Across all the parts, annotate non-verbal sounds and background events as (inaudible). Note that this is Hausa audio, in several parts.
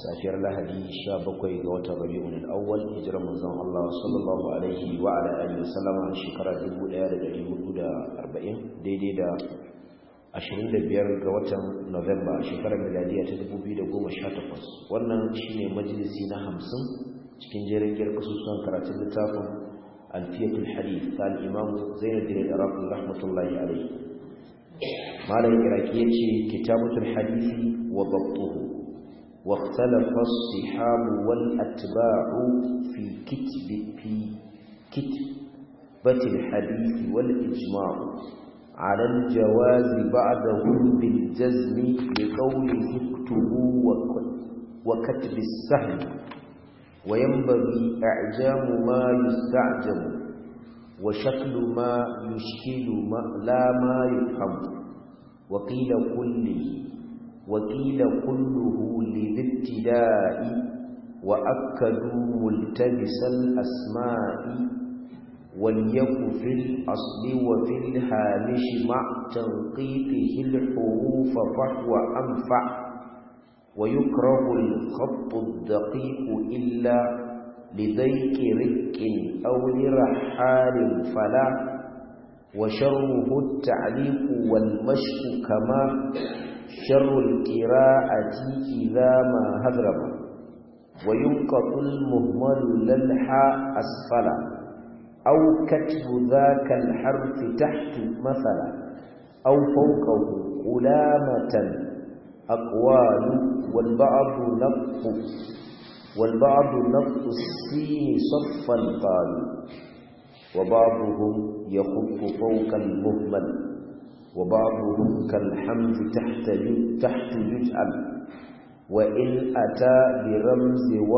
safiyar lahadi 17 ga watan rabi'un al-awwal hijirar manzon Allah sallallahu alaihi wa ala alihi a shekara 1440 daidai da 25 ga watan Novemba shekarar miladiya ta 2018 wannan shi ne majalisi na 50 cikin jerin kasusuwan karatun littafin alfiyatul hadith kan imamu Zainuddin al-Iraqi rahmatullahi alaihi Malamin iraki yace kitabatul Hadithi wa dabtuhu واختلف الصحاب والأتباع في كتب في كتبة الحديث والإجماع على الجواز بعدهم بالجزم لقوله اكتبوا وكتب السهم وينبغي إعجام ما يستعجم وشكل ما يشكل ما لا ما يفهم وقيل كله وقيل كله للابتداء وأكدوا ملتبس الأسماء وليك في الأصل وفي الهامش مع تنقيطه الحروف فهو أنفع ويكره الخط الدقيق إلا لديك رك أو لرحال فلا وشره التعليق والمشق كما شر القراءة إذا ما هضرب وينقط المهمل للحاء أسفلا أو كتب ذاك الحرف تحت مثلا أو فوقه قلامة أقوال والبعض نقط والبعض نقف السين صفا قال وبعضهم يخف فوق المهمل وبعضهم كالحمد تحت تحت يجعل وإن أتى برمز و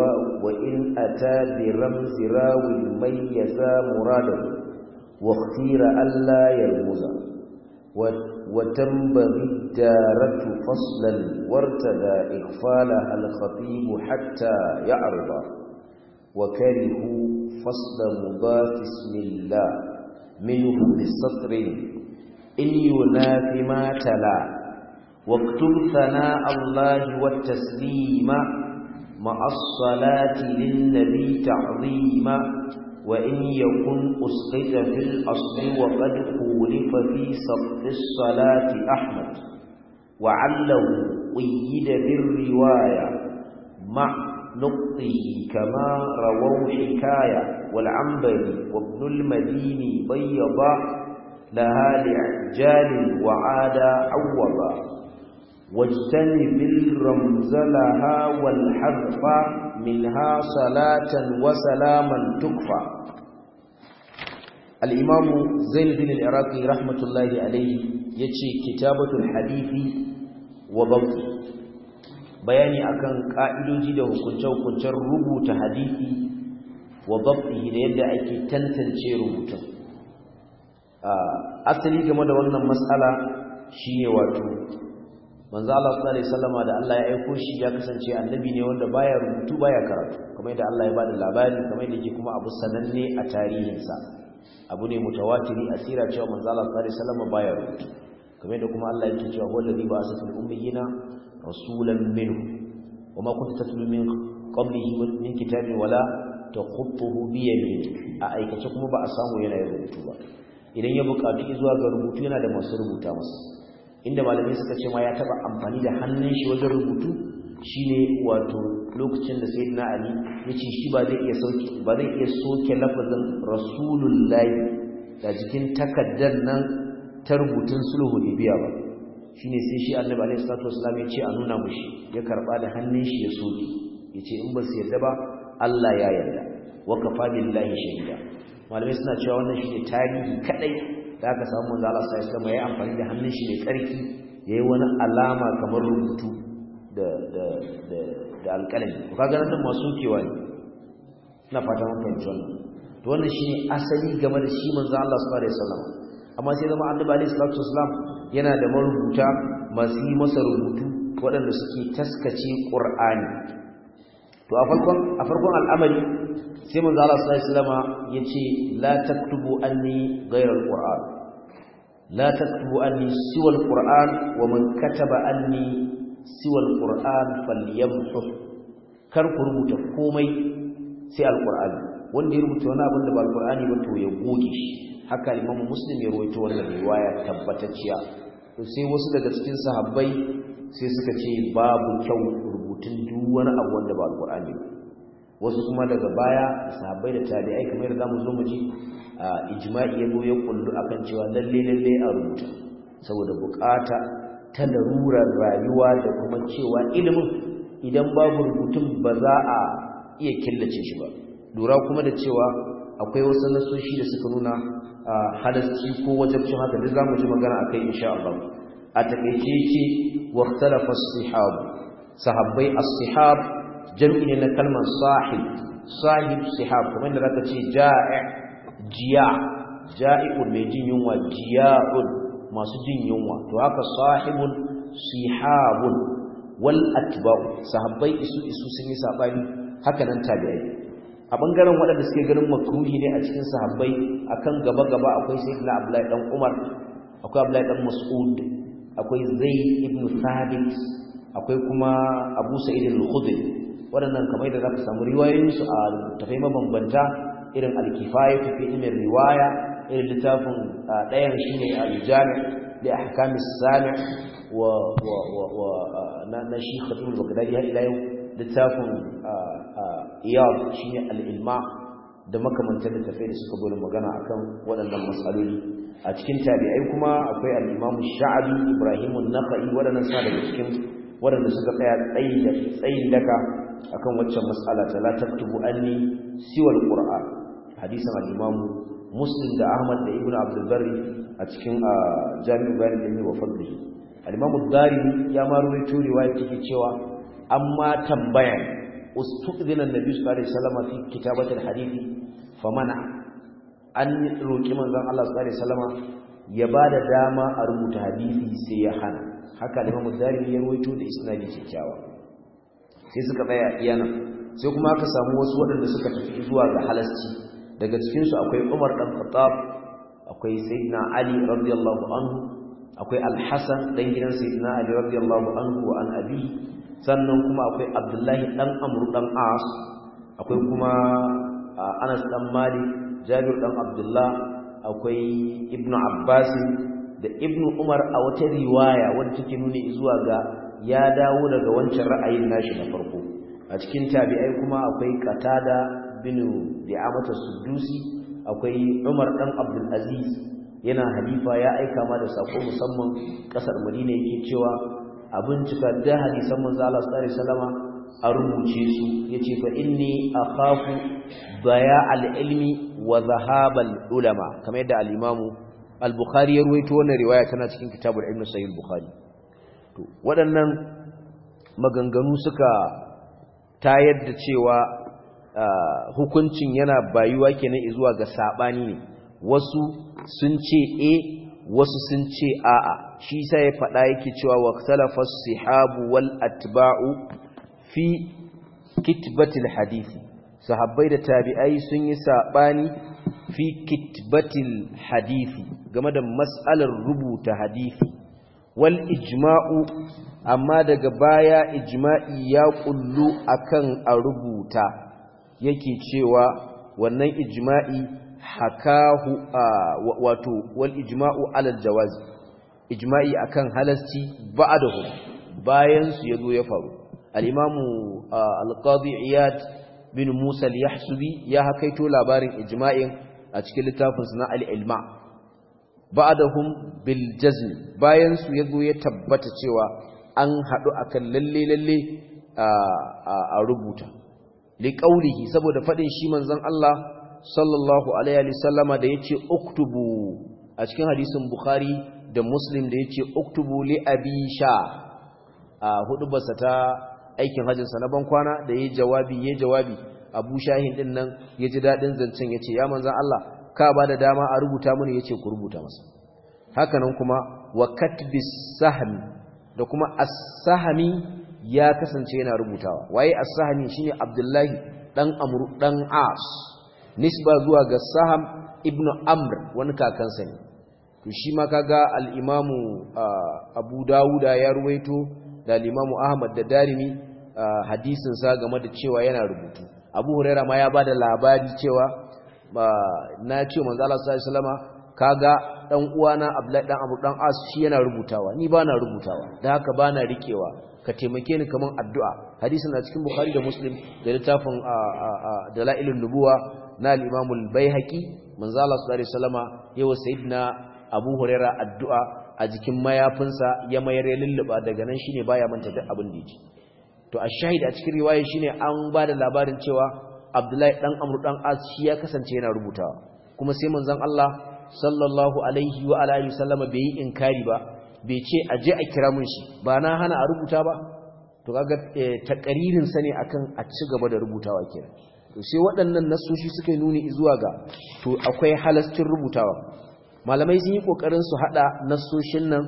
وإن أتى برمز راو ميز مرادا واختير ألا يرمز وتنبغي الدارة فصلا وارتدى إغفالها الخطيب حتى يعرض وكرهوا فصل مضاف اسم الله منه بسطر إن ينافي ما تلا واكتب ثناء الله والتسليم مع الصلاة للنبي تعظيما وإن يكن أسقط في الأصل وقد خولف في سقط الصلاة أحمد وعله قيد بالرواية مع نقطه كما رووا حكاية والعنبري وابن المديني بيضا لها لإعجال وعاد عوضا واجتنب الرمز لها والحرف منها صلاة وسلاما تكفى الإمام زين بن العراقي رحمة الله عليه يتشي كتابة الحديث وضوء bayani akan ka'idoji da hukunce-hukuncen rubuta hadisi wa babtihi da yadda ake tantance rubutun Ah, asali game da wannan matsala ne wato manzo Allah sallallahu alaihi wasallama da Allah ya aiko shi ya kasance annabi ne wanda baya rubutu baya karatu kamar yadda Allah ya bada labari kamar yadda yake kuma abu sananne a tarihinsa abu ne mutawatiri asira cewa manzo Allah sallallahu alaihi wasallama baya rubutu kamar yadda kuma Allah yake cewa wallahi ba asfal ummiyina rasulan minhu wama kunta tatlu min qablihi min kitabin wala taqutuhu bi yamin a aikace kuma ba a samu yana rubutu ba idan ya buƙatu zuwa ga rubutu yana da masu rubuta masa inda malamai suka ce ma ya taba amfani da hannun shi wajen rubutu shine wato lokacin da na ali ya ce shi ba zai iya sauke ba zai iya soke lafazin layi da jikin takaddar nan ta rubutun sulhu biya ba shi ne sai shi annabi alaihi salatu wasallam ya ce a nuna mushi ya karba da hannun shi ya soke ce in ba su yarda ba Allah ya yarda wa kafa billahi shahida malamai suna cewa wannan shi ne tarihi kadai da aka samu manzo Allah sai alaihi wasallam ya amfani da hannun shi mai tsarki yayi wani alama kamar rubutu da da da da alƙalami to kaga nan masu kewa ne na fata mun fahimci wannan to wannan ne asali game da shi manzo Allah sallallahu alaihi wasallam amma sai zama annabi alaihi salatu wasallam yana da marubuta masu yi masa rubutu waɗanda suke taskace Qur'ani to a farkon a farkon al'amari sai manzo Allah sallallahu alaihi yace la taktubu anni ghayra alquran la taktubu anni siwa alquran wa man kataba anni siwa alquran falyamhu kar ku rubuta komai sai alquran wanda ya rubuta wani abin da ba alqur'ani ba to ya goge shi haka imam muslim ya rawaito wannan riwaya tabbatacciya to sai wasu daga cikin sahabbai sai suka ce babu kyau rubutun duk wani abu wanda ba alqur'ani ba wasu kuma daga baya sahabbai da tabi'ai kamar yadda zamu zo mu ji ijma'i ya goye kullu akan cewa lalle lalle a rubuta saboda bukata ta larurar rayuwa da kuma cewa ilimin idan babu rubutun ba za a iya killace shi ba lura kuma da cewa akwai wasu nasoshi da suka nuna a halarci ko wajabcin haka duk zamu ji magana akai insha Allah a takeice ce as-sihab sahabbai as jam'i ne na kalmar sahib sahib sihab kuma inda zaka ce ja'i jiya ja'iun mai jin yunwa jiya'un masu jin yunwa to haka sahibun sihabun wal atba sahabbai isu isu sun yi sabani haka nan tabi'ai a bangaren waɗanda suke ganin makruhi ne a cikin sahabbai akan gaba gaba akwai sayyidina abdullahi dan umar akwai abdullahi dan mas'ud akwai zaid ibn thabit akwai kuma abu sa'id al-khudri waɗannan kamar da za ka samu riwayoyinsu a tafai mabambanta irin alkifaya tafi ilmin riwaya irin littafin ɗayan shi ne aljami da ahkami sami wa na shi khatibul bagdadi har ila yau littafin iyad shi ne al'ilma da makamantar littafai da suka zo magana akan waɗannan matsaloli a cikin tabi'ai kuma akwai al'imamu sha'abi ibrahimun naka'i waɗannan sa daga cikin waɗanda suka tsaya tsayi da tsayin daka kan waccan matsala ta tubu an anni siwal qur'an hadisan al-imam muslim da ahmad da ibnu abdul a cikin jami'u bayan da ne wa fadli al-imam ad-dari ya ma rawaito ya ciki cewa amma tambaya ustuqdina annabi sallallahu alaihi salama fi kitabatil hadisi famana an roƙi manzan Allah sallallahu alaihi salama? ya da dama a rubuta hadisi sai ya hana haka limamu darimi ya rawaito da isnadi kyakkyawa sai suka tsaya iya nan sai kuma aka samu wasu waɗanda suka tafi zuwa ga halasci daga cikinsu akwai umar ɗan khattab akwai sayyidina ali radiyallahu anhu akwai alhassan ɗan gidan sayyidina ali radiyallahu anhu wa an abi sannan kuma akwai abdullahi ɗan amru ɗan as akwai kuma anas ɗan malik jabir ɗan abdullah akwai ibnu abbas da ibnu umar a wata riwaya wanda take nuni zuwa ga ya dawo daga wancan ra'ayin nashi na farko a cikin tabi'ai kuma akwai qatada bin bi'amata sudusi akwai umar dan abdul aziz yana halifa ya aika ma da sako musamman kasar madina yake cewa cika da hadisan manzo Allah sallallahu alaihi wasallama a rubuce su yace fa inni akhafu baya al-ilmi wa zahabal ulama kamar yadda al-imamu al-bukhari ya ruwaito wannan riwaya tana cikin kitabul Ibn sahih al-bukhari to waɗannan maganganu suka tayar da cewa hukuncin yana bayuwa kenan zuwa ga sabani ne wasu sun ce A, e, wasu sun ce a'a shi sai ya faɗa yake cewa wa salafus sihabu wal atba'u fi kitbatil hadisi sahabbai da tabi'ai sun yi sabani fi kitbatil hadisi game da matsalar rubuta hadisi wal ijma'u amma daga baya ijma'i ya kullu akan a rubuta yake cewa wannan ijma'i hakahu wato wal ijma'u alal jawazi ijma'i akan halasti ba'dahu bayan su yazo ya faru al-imamu al-qadi iyad bin musa al-yahsubi ya hakaito labarin ijma'in a cikin littafin na al-ilma ba'dahum bil jazm bayan su yazo ya tabbata cewa an hadu akan lalle lalle a rubuta liqaulihi saboda fadin shi manzon Allah sallallahu alaihi sallama da yace uktubu a cikin hadisin bukhari da muslim da yace uktubu li abi sha a hudubarsa ta aikin hajjin sa na ban kwana da yayi jawabi yayi jawabi abu shahin din nan ya ji dadin zancen yace ya manzon Allah ka ba da dama a rubuta mini yace ku rubuta masa hakanan kuma wa katbis sahmi da kuma as-sahmi ya kasance yana rubutawa waye as-sahmi shine Abdullahi dan amru dan As nisba zuwa ga Saham ibnu Amr wani kakansa ne to shi ma kaga al-Imam Abu Dawuda ya ruwaito da al-Imam Ahmad da Darimi hadisin sa game da cewa yana rubutu Abu huraira ma ya bada labari cewa na ce manzo Allah sallallahu alaihi wasallama kaga dan uwana Abdullahi dan Abu dan As shi yana rubutawa ni ba na rubutawa da haka ba na rikewa ka taimake ni kaman addu'a hadisi na cikin Bukhari da Muslim da littafin Dalailun Nubuwa na al-Imam al-Baihaqi manzo Allah sallallahu alaihi wasallama yawa sayyidina Abu Huraira addu'a a jikin mayafinsa ya mayar ya lulluba daga nan shine baya manta duk abin da yake to a shahid a cikin riwaya shine an ba da labarin cewa abdullahi ɗan Amur, ɗan as shi ya kasance yana rubutawa kuma sai manzon Allah sallallahu alaihi wa alayhi sallama bai yi inkari ba bai ce a je a kira mun shi ba na hana a rubuta ba to kaga eh, takaririn sa ne akan a ci gaba da rubutawa kenan to sai waɗannan nasoshi suka nuni zuwa ga to akwai halastin rubutawa malamai sun yi kokarin su hada nasoshin nan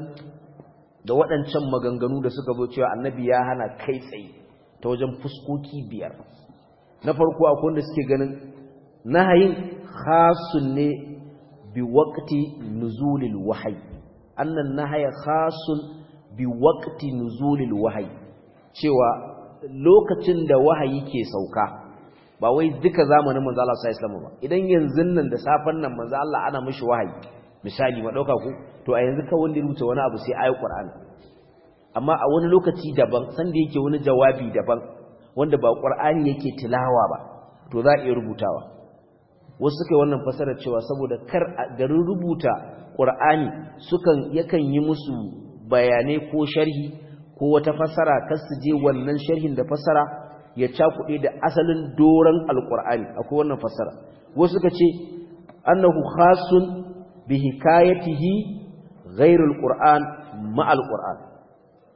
da waɗancan maganganu da suka zo cewa annabi ya hana kai tsaye ta wajen fuskoki biyar na farko akwai wanda suke ganin nahayin khasun ne bi waqti nuzulil wahyi annan nahaya khasun bi waqti nuzulil wahyi cewa lokacin da wahayi ke sauka ba wai duka zamanin manzo Allah sai islamu ba idan yanzu nan da safan nan manzo Allah ana mishi wahayi misali ma dauka ku to a yanzu ka wanda rubuta wani abu sai ayi Qur'ani amma a wani lokaci daban sanda yake wani jawabi daban wanda ba ƙwar'ani yake tilawa ba to za a iya rubutawa wasu suka yi wannan fasarar cewa saboda kar a garin rubuta ƙwar'ani sukan yakan yi musu bayanai ko sharhi ko wata fasara kar su je wannan sharhin da fasara ya cakuɗe da asalin doron alƙwar'ani akwai wannan fasara wasu suka ce annahu khasun bi hikayatihi ghairul qur'an ma al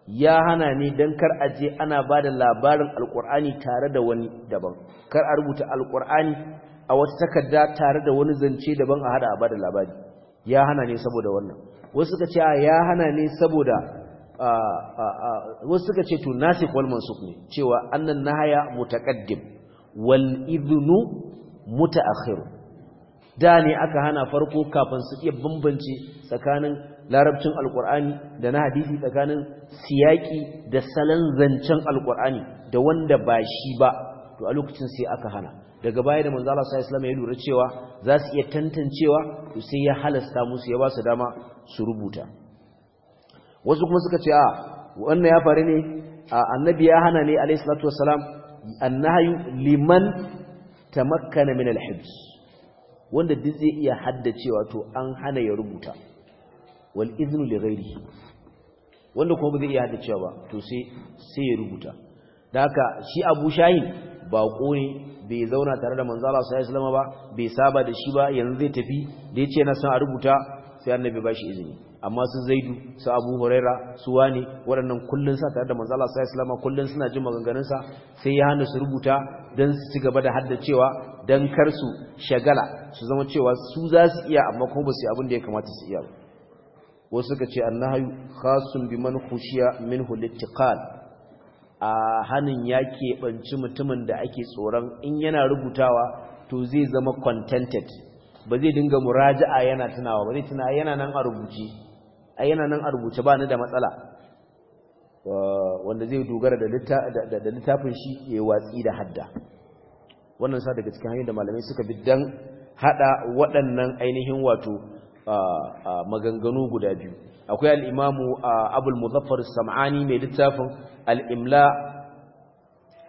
ya hana ne don kar a je ana ba da labarin alkur'ani tare da wani daban kar a rubuta alkur'ani a wata takarda tare da wani zance daban a hada a ba da labari ya hana ne saboda wannan wasu suka ce ya hana ne saboda wasu suka ce to nasikh wal mansukh ne cewa annan nahaya mutaqaddim wal idnu mutaakhir da ne aka hana farko kafin su iya bambance tsakanin larabcin alkur'ani da na hadisi tsakanin siyaki da salon zancen alkur'ani da wanda ba shi ba to a lokacin sai aka hana daga baya da manzala Allah islam ya lura cewa za su iya tantancewa to sai ya halasta musu ya ba su dama su rubuta wasu kuma suka ce a wannan ya faru ne A annabi ya hana ne alayhi salatu wassalam annahyu liman tamakkana min alhibs wanda duk zai iya haddacewa to an hana ya rubuta wal iznu li ghairihi wanda kuma ba zai iya hada cewa ba to sai sai ya rubuta da haka shi Abu Shahin ba ne bai zauna tare da manzo Allah sallallahu alaihi wasallam ba bai saba da shi ba yanzu zai tafi da yace na san a rubuta sai annabi ba shi izini amma su Zaidu su Abu Huraira su wani waɗannan kullun sa tare da manzo Allah sallallahu alaihi wasallam kullun suna jin maganganun sa sai ya hana su rubuta dan su ci gaba da haddacewa dan kar su shagala su zama cewa su za su iya amma kuma ba su yi abin da ya kamata su iya ba wasu suka ce annahyu khasun biman khushiya minhu littiqal a hanin ya banci mutumin da ake tsoron in yana rubutawa to zai zama contented ba zai dinga muraja'a yana tunawa ba zai tuna yana nan a rubuce a yana nan a rubuce ba ni da matsala wanda zai dogara da littafin shi ya watsi da hadda wannan sa daga cikin hanyar da malamai suka bi dan hada waɗannan ainihin wato maganganu guda biyu akwai al'imamu abul muzaffar sam'ani mai littafin al'imla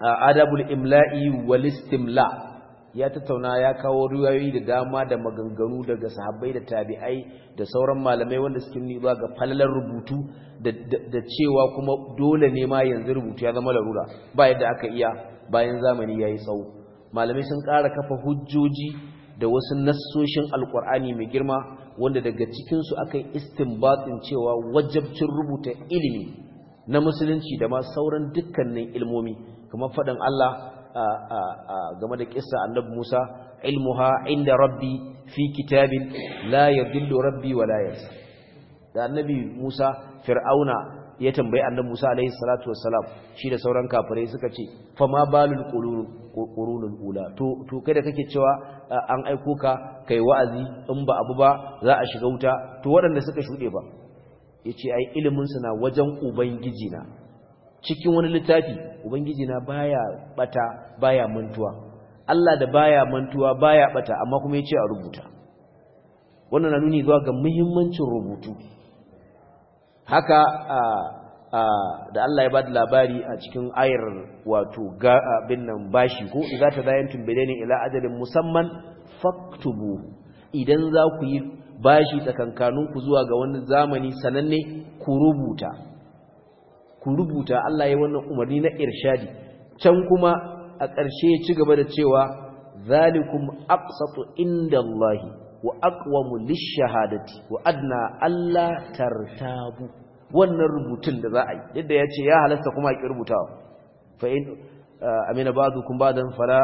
adabul imla'i walistimla ya tattauna ya kawo riwayoyi da dama da maganganu daga sahabbai da tabi'ai da sauran malamai wanda suke nuna ga falalar rubutu da cewa kuma dole ne ma yanzu rubutu ya zama larura ba yadda aka iya bayan zamani ya yi tsawo malamai sun ƙara kafa hujjoji da wasu nassoshin alƙur'ani mai girma wanda daga cikinsu aka yi istinbatin cewa wajabcin rubuta ilimi na musulunci da ma sauran dukkanin ilmomi kuma faɗin Allah game da kisa annabi Musa ilmuha inda rabbi fi kitabin la yadillu rabbi wa yansa da annabi Musa fir'auna ya tambayi annabi Musa alaihi salatu wassalam shi da sauran kafirai suka ce fa ma balul qurunul ula to to kai da kake cewa an aiko ka kai wa'azi in ba abu ba za a shiga wuta to waɗanda suka shude ba yace ai ilimin su na wajen ubangiji na cikin wani littafi ubangiji na baya bata baya mantuwa Allah da baya mantuwa baya bata amma kuma yace a rubuta wannan na nuni zuwa ga muhimmancin rubutu haka da Allah ya da labari a cikin ayar wato abin nan bashi ko idza tadayantum ne ila ajalin musamman faktubu idan za ku yi bashi tsakankanin ku zuwa ga wani zamani sananne ku rubuta ku rubuta Allah ya wannan umarni na irshadi can kuma a ƙarshe ya ci gaba da cewa zalikum aqsatu indallahi wa aqwamu lishahadati wa adna alla tartabu wannan rubutun da za a yi yadda ya ce ya halasta kuma ki rubutawa fa in eh, amina ba ba'dan fara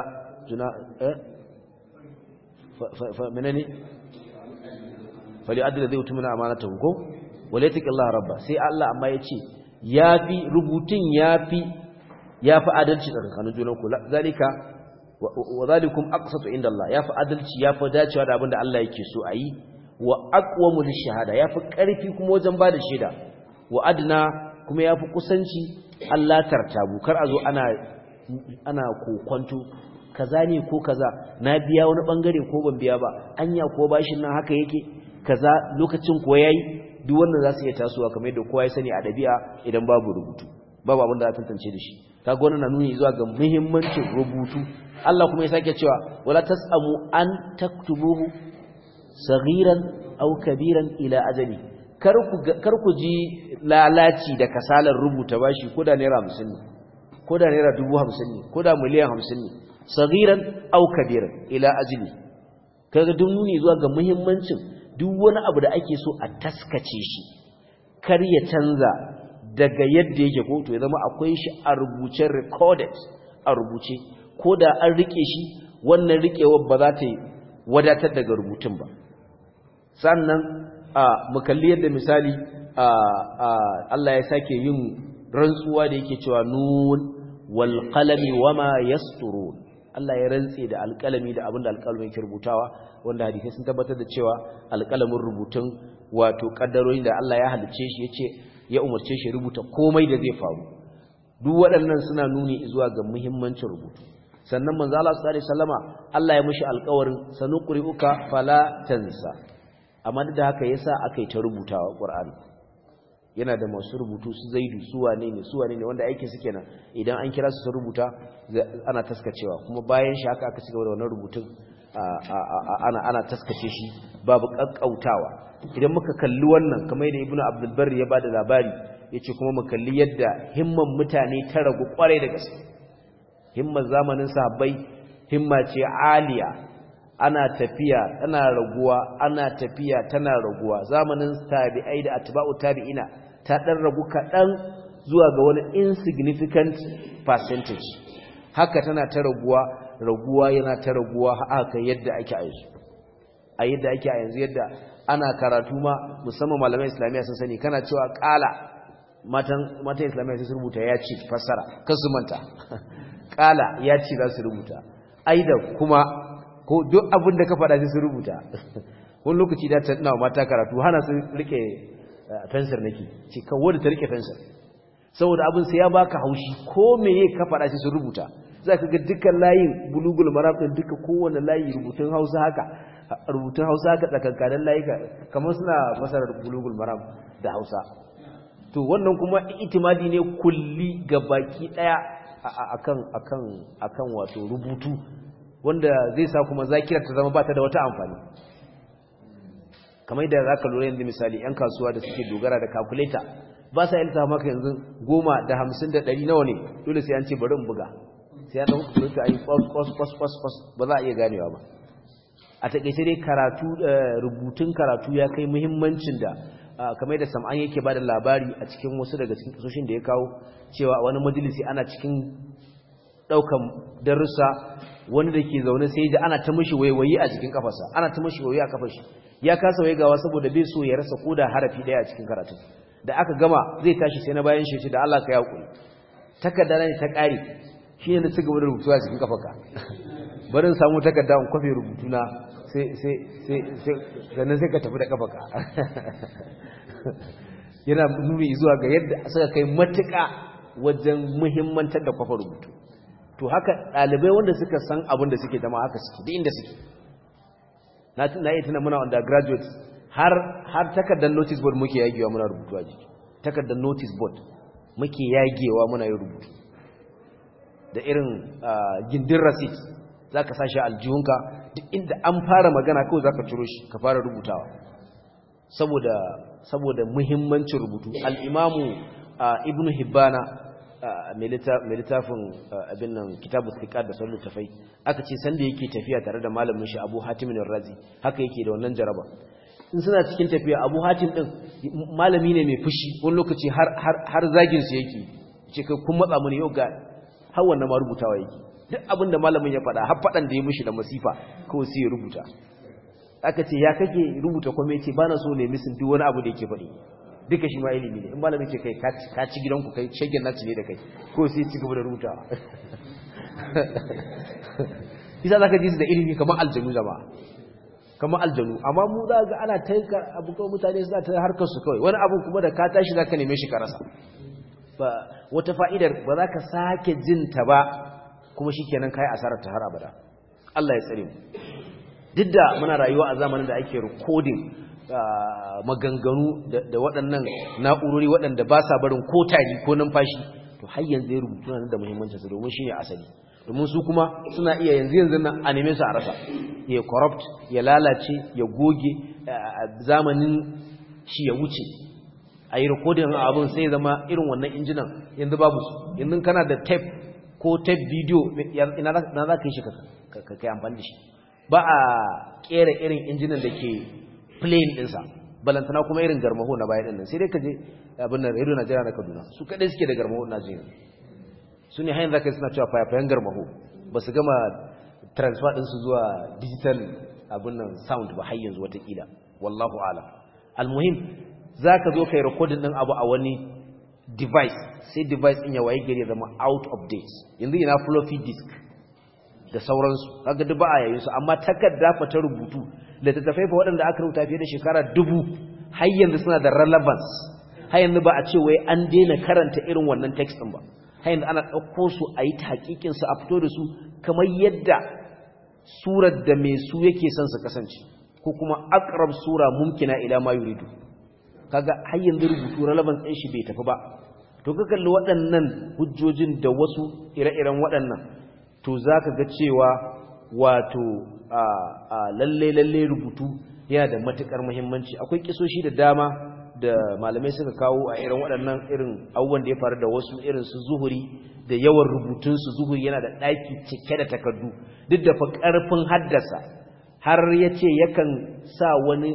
juna eh? fa menene fali adda zai mutumina amanatahu ko wala yataki Allah rabba sai Allah amma ya ce fi rubutun ya fi adalci tsakanin junan ku zalika wa zalikum aqsatu inda Allah fi adalci fi dacewa da abin da Allah yake so a yi wa aqwamu lishahada fi karfi kuma wajen bada shaida wa adna kuma ya fi kusanci Allah tartabu kar a zo ana ana kokonto kaza ne ko kaza na biya wani bangare ko ban biya ba anya ko bashin nan haka yake kaza lokacin ko yayi duk wannan za su iya tasowa kamar yadda kowa ya sani a dabi'a idan babu rubutu babu abin da za tantance da shi kaga wannan na nuni zuwa ga muhimmancin rubutu Allah kuma ya sake cewa wala tasamu an taktubuhu saghiran aw kabiran ila ajali kar ku ji lalaci da kasalar rubuta bashi ko da naira hamsin ne ko da naira dubu hamsin ne ko miliyan hamsin ne sagiran au kabiran ila ajili kaga duk nuni zuwa ga muhimmancin duk wani abu da ake so a taskace shi kar ya canza daga yadda yake ko to ya zama akwai shi a rubuce recorded a rubuce ko da an rike shi wannan rikewar ba za ta wadatar daga rubutun ba sannan a kalli yadda misali Allah ya sake yin rantsuwa da yake cewa nun wal qalami wama yasturun Allah ya rantse da alƙalami da abinda alqalami ke rubutawa wanda hadisi sun tabbatar da cewa alqalamin rubutun wato kaddaroyin da Allah ya halice shi yace ya umarce shi rubuta komai da zai faru duk waɗannan suna nuni zuwa ga muhimmancin rubutu sannan manzo Allah sallallahu alaihi wasallama Allah ya mishi alƙawarin sanuqri'uka fala tansa amma duk da haka yasa akai ta rubutawa Qur'ani yana da masu rubutu su zaidu su wane ne su wane ne wanda aikin su kenan idan an kira su su rubuta ana taskacewa kuma bayan shi haka aka ci gaba da wannan rubutun ana ana taskace shi babu kakkautawa idan muka kalli wannan kamar yadda ibnu abdul ya ba da labari ya ce kuma mu kalli yadda himman mutane ta ragu kwarai da gaske himman zamanin sahabbai himma ce aliya ana tafiya tana raguwa ana tafiya tana raguwa zamanin tabi'ai da atba'u tabi'ina ta ɗan ragu kaɗan zuwa ga wani insignificant percentage haka tana ta raguwa raguwa yana ta raguwa haka yadda ake a yanzu a yadda ake a yanzu yadda ana karatu ma musamman malamai islamiyya sun sani kana cewa ƙala matan islamiyya sun rubuta ya ce fassara kan su manta (laughs) ƙala ya ce za su rubuta aida kuma ko duk abin da ka faɗa sun rubuta (laughs) wani lokaci da ta tana mata karatu hana sun rike fensir nake ce kawo da ta rike fensir saboda abin sai ya baka haushi ko me ya ka faɗa shi sun rubuta za ka ga dukkan layin bulugul marafin duka kowane layi rubutun hausa haka rubutun hausa haka tsakankanin layi kamar suna masarar bulugul maraf da hausa to wannan kuma itimadi ne kulli ga baki ɗaya akan wato rubutu wanda zai sa kuma zakira ta zama ba ta da wata amfani kamar yadda za ka lura yanzu misali 'yan kasuwa da suke dogara da calculator ba sa yin samu maka yanzu goma da hamsin da ɗari nawa ne dole sai an ce bari in buga sai an ɗauka kalkuleta ayi pos pos pos pos pos ba za a iya ganewa ba a taƙaice dai karatu eh, rubutun karatu ya kai muhimmancin da kamar da sam'an yake bada labari a cikin wasu daga cikin kasoshin da ya kawo cewa a wani majalisi ana cikin ɗaukan darussa wani da ke zaune sai da ana ta mashi waiwayi a cikin kafarsa ana ta mashi waiwayi a kafarsa shi ya kasa gawa saboda bai so ya rasa koda harafi daya a cikin karatu. da aka gama zai tashi sai na bayan shi da Allah ka ya hakuri takarda ne ta kare shi ne na ci gaba da rubutu a cikin kafarka (laughs) barin samu takarda in kwafe rubutu na sai sai sai sannan sai ka tafi da kafarka (laughs) yana nuni zuwa ga yadda suka kai matuƙa wajen muhimmantar da kwafa rubutu to haka ɗalibai wanda suka san abin da suke dama haka suke duk inda suke na iya yi tunan muna undergraduates har har takardar notice board muke yagewa muna rubutu a jiki takardar notice board muke yagewa muna yin rubutu da irin gindin receipt zaka sashi aljihunka duk inda an fara magana kawai ka ciro shi ka fara rubutawa saboda muhimmancin rubutu Al'imamu ibn ibnu hibbana militafin littafin abin nan kitabu da sauran tafai aka ce sanda yake tafiya tare da malamin shi abu hatimin razi haka yake da wannan jaraba in suna cikin tafiya abu hatim ɗin malami ne mai fushi wani lokaci har zagin su yake ce kai kun matsa yau ga har wannan ma rubutawa yake duk abin da malamin ya faɗa har faɗan da ya mishi da masifa ko sai ya rubuta aka ce ya kake rubuta kuma ya ce ba na so ne misin duk wani abu da yake faɗi duka shi ma ilimi ne in malamin ce kai ka ci gidanku kai shagen naci ne da kai ko sai ci gaba da ruta (laughs) isa za ka ji su da ilimi kamar aljanu zama kamar aljanu amma mu za ga ana ta yanka abu mutane suna ta harkar su kawai wani abu kuma da ka tashi za ka neme shi ka rasa wata fa'idar ba za ka sake jin ta ba kuma shi kenan ka yi asarar ta har abada Allah ya tsare mu duk da muna rayuwa a zamanin da ake recording maganganu da waɗannan na'urori waɗanda ba sa barin ko tari ko numfashi to har yanzu ya rubutu na da muhimmanci su domin ne asali domin su kuma suna iya yanzu yanzu nan a neme su a rasa ya corrupt ya lalace ya goge zamanin shi ya wuce a yi rikodin abin sai zama irin wannan injinan yanzu babu su yanzu kana da tape ko tape video ina za ka yi shi ka kai amfani da shi ba a kera irin injinan da ke plain ɗinsa balantana kuma irin garmaho na bayan dinnan sai dai ka je abin nan radio najeriya na kaduna su kaɗai suke da garmaho na najeriya su ne hanyar zaka suna cewa fayafayan garmaho ba su gama transfer su zuwa digital abin nan sound ba har yanzu watakila wallahu ala almuhim zaka ka zo kai recording ɗin abu a wani device sai device in ya waye gari zama out of date yanzu ina floppy disk da sauransu kaga duk ba a yayin su amma takarda fa ta rubutu da ta littattafai fa waɗanda aka rubuta fiye da shekara dubu har yanzu suna da relevance har yanzu ba a ce wai an daina karanta irin wannan text ba har yanzu ana ɗauko su a yi hakikin su a fito da su kamar yadda surar da mai su yake son su kasance ko kuma aqrab sura mumkina ila ma yuridu kaga har yanzu rubutu relevance ɗin shi bai tafi ba to ka kalli waɗannan hujjojin da wasu ire-iren waɗannan to za ka ga cewa wato a lalle-lalle rubutu yana da matuƙar muhimmanci akwai ƙisoshi da dama da malamai suka kawo a irin waɗannan irin abubuwan da ya faru da wasu irin su zuhuri da yawan rubutun su zuhuri yana da ɗaki cike da takardu duk da fa ƙarfin haddasa har ya ce yakan sa wani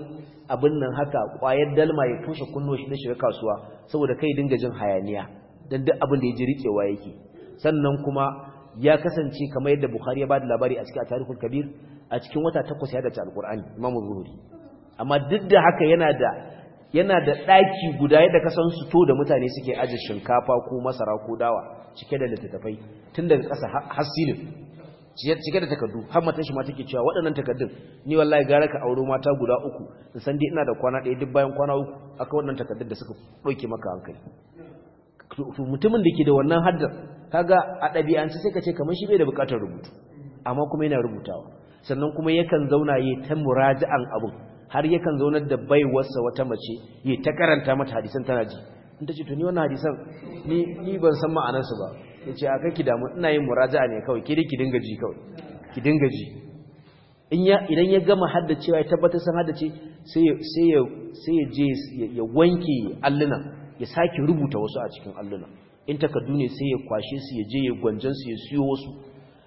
abin nan haka ƙwayar dalma ya tusa kunno shi na shiga kasuwa saboda kai dinga jin hayaniya don duk abin da ya ji riƙewa yake sannan kuma ya kasance kamar yadda bukhari ya ba da labari a cikin tarihul kabir a cikin wata takwas ya dace alkur'ani imamu zuhuri amma duk da haka yana da da ɗaki guda yadda ka san su to da mutane suke aje shinkafa ko masara ko dawa cike da littattafai tun daga ƙasa hasilin cike da takardu har matan shi ma take cewa waɗannan takardun ni wallahi gara ka auro mata guda uku in san dai ina da kwana ɗaya duk bayan kwana uku aka waɗannan takardun da suka ɗauke maka hankali mutumin da ke da wannan haddar kaga a ɗabi'ance sai ka ce kamar shi bai da buƙatar rubutu amma kuma yana rubutawa sannan kuma yakan zauna yi ta muraja'an abun har yakan zaunar da baiwarsa wata mace yi ta karanta mata hadisan tana ji in ta ce to ni wannan hadisan ni ni ban san ma'anarsu ba ya ce a kai ki damu ina yin muraja'a ne kawai ki ki dinga ji kawai ki dinga ji idan ya gama haddacewa ya tabbatar san haddace sai ya je ya wanke alluna ya sake rubuta wasu a cikin alluna in takardu ne sai ya kwashe su ya je ya gwanjan su ya siyo wasu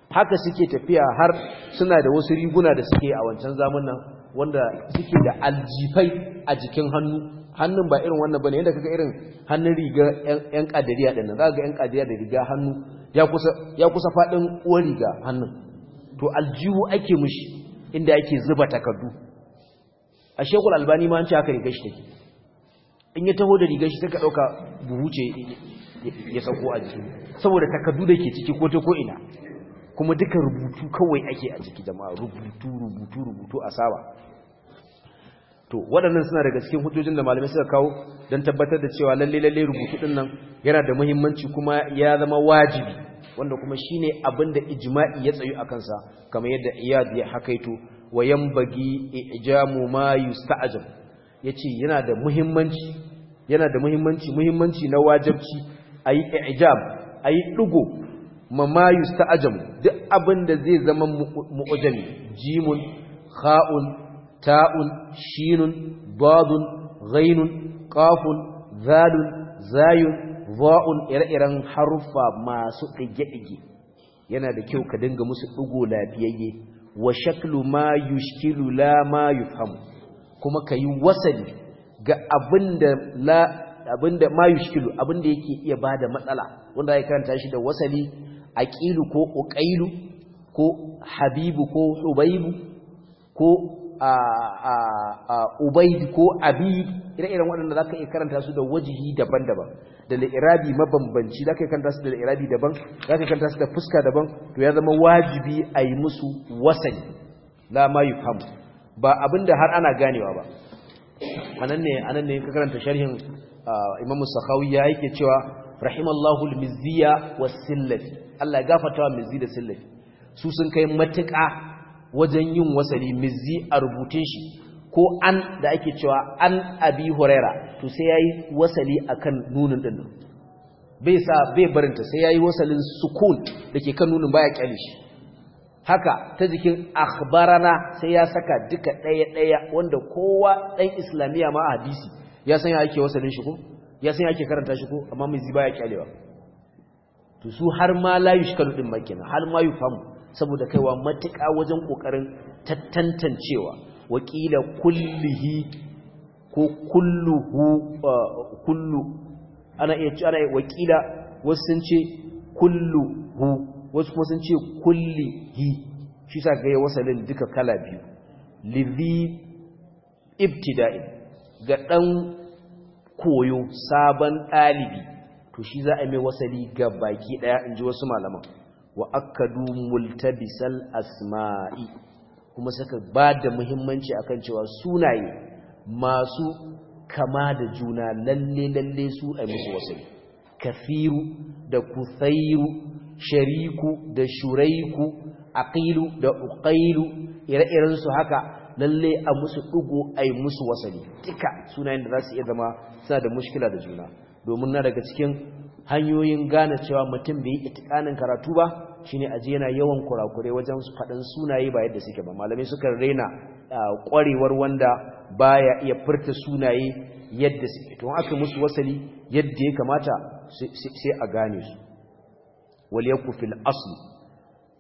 haka suke tafiya har suna da wasu riguna da suke a wancan zamanin nan wanda suke da aljifai a jikin hannu hannun ba irin wannan bane yadda kaga irin hannun riga yan kadariya din nan zaka ga yan kadariya da riga hannu ya kusa ya kusa fadin uwar riga hannun to aljihu ake mushi inda ake zuba takardu a shekul albani ma an ce haka rigar shi take in ya taho da rigar shi sai ka dauka buhu ce ya sauko a jiki saboda takardu da ke ciki ko ta ko ina kuma duka rubutu kawai ake a ciki jama'a rubutu rubutu rubutu a saba to waɗannan suna daga cikin hujjojin da malamai suka kawo don tabbatar da cewa lalle lalle rubutu din nan yana da muhimmanci kuma ya zama wajibi wanda kuma shine abin da ijma'i ya tsayu a kansa kamar yadda iyad ya hakaito wa yambagi ijamu ma yusta'jab yace yana da muhimmanci yana da muhimmanci muhimmanci na wajibci a yi ijab a yi ɗugo mamayus ta ajamu duk abin da zai zama mu'ujami jimun ha'un ta'un shinun badun ghainun ƙafun zalun zayun za'un ire-iren haruffa masu ɗige-ɗige yana da kyau ka dinga musu ɗugo lafiyayye wa shaklu ma yushkilu la ma yufhamu kuma ka yi wasali ga abin da la abinda ma yushkilu abinda yake iya bada matsala wanda ya karanta shi da wasali aqilu ko uqailu ko habibu ko hubaibu ko ubayd ko abi ire-iren waɗanda zaka iya karanta su da wajihi daban-daban da lirabi mabambanci zaka iya karanta su da lirabi daban zaka karanta su da fuska daban to ya zama wajibi a yi musu wasali la ma yufhamu ba abinda har ana ganewa ba anan ne anan ne ka karanta sharhin Imam Sakhawi ya yake cewa rahimallahu al-mizziya was sillati Allah ya gafarta wa mizzi da sillafi su sun kai matuƙa wajen yin wasali mizzi a rubutun shi ko an da ake cewa an abi huraira to sai yayi wasali akan nunin din nan bai sa bai barinta sai yayi wasalin sukun dake kan nunin baya kyale shi haka ta jikin akhbarana sai ya saka duka ɗaya ɗaya wanda kowa ɗan islamiya ma a hadisi ya san ya ake wasalin shi ko ya san ya ake karanta shi ko amma mai ziba ya kyalewa to su har ma la yushkalu din makin har ma famu. saboda kaiwa matuƙa wajen kokarin tattantancewa wakila kullihi ko kulluhu uh, kullu ana iya ana iya wakila wasu sun ce kulluhu wasu kuma sun ce kullihi shi sa ga wasalin duka kala biyu lidhi ibtida'i ga ɗan koyo sabon ɗalibi to shi za a mai wasali ga baki ɗaya in ji wasu malaman wa Akkadu multabisal asma'i kuma suka ba da muhimmanci akan cewa sunaye masu kama da juna lalle lalle su a musu wasali kafiru da kusayiru shariku da shuraiku Akilu da uqailu ire iren su haka lalle a musu dugo ai musu wasali duka sunayen da za su iya zama suna da mushkila da juna domin na daga cikin hanyoyin gane cewa mutum bai itikanin karatu ba shine aje yana yawan kurakure wajen faɗin sunaye ba yadda suke ba malamai suka raina ƙwarewar wanda baya iya furta sunaye yadda suke to aka musu wasali yadda ya kamata sai a gane su wal yakufil asl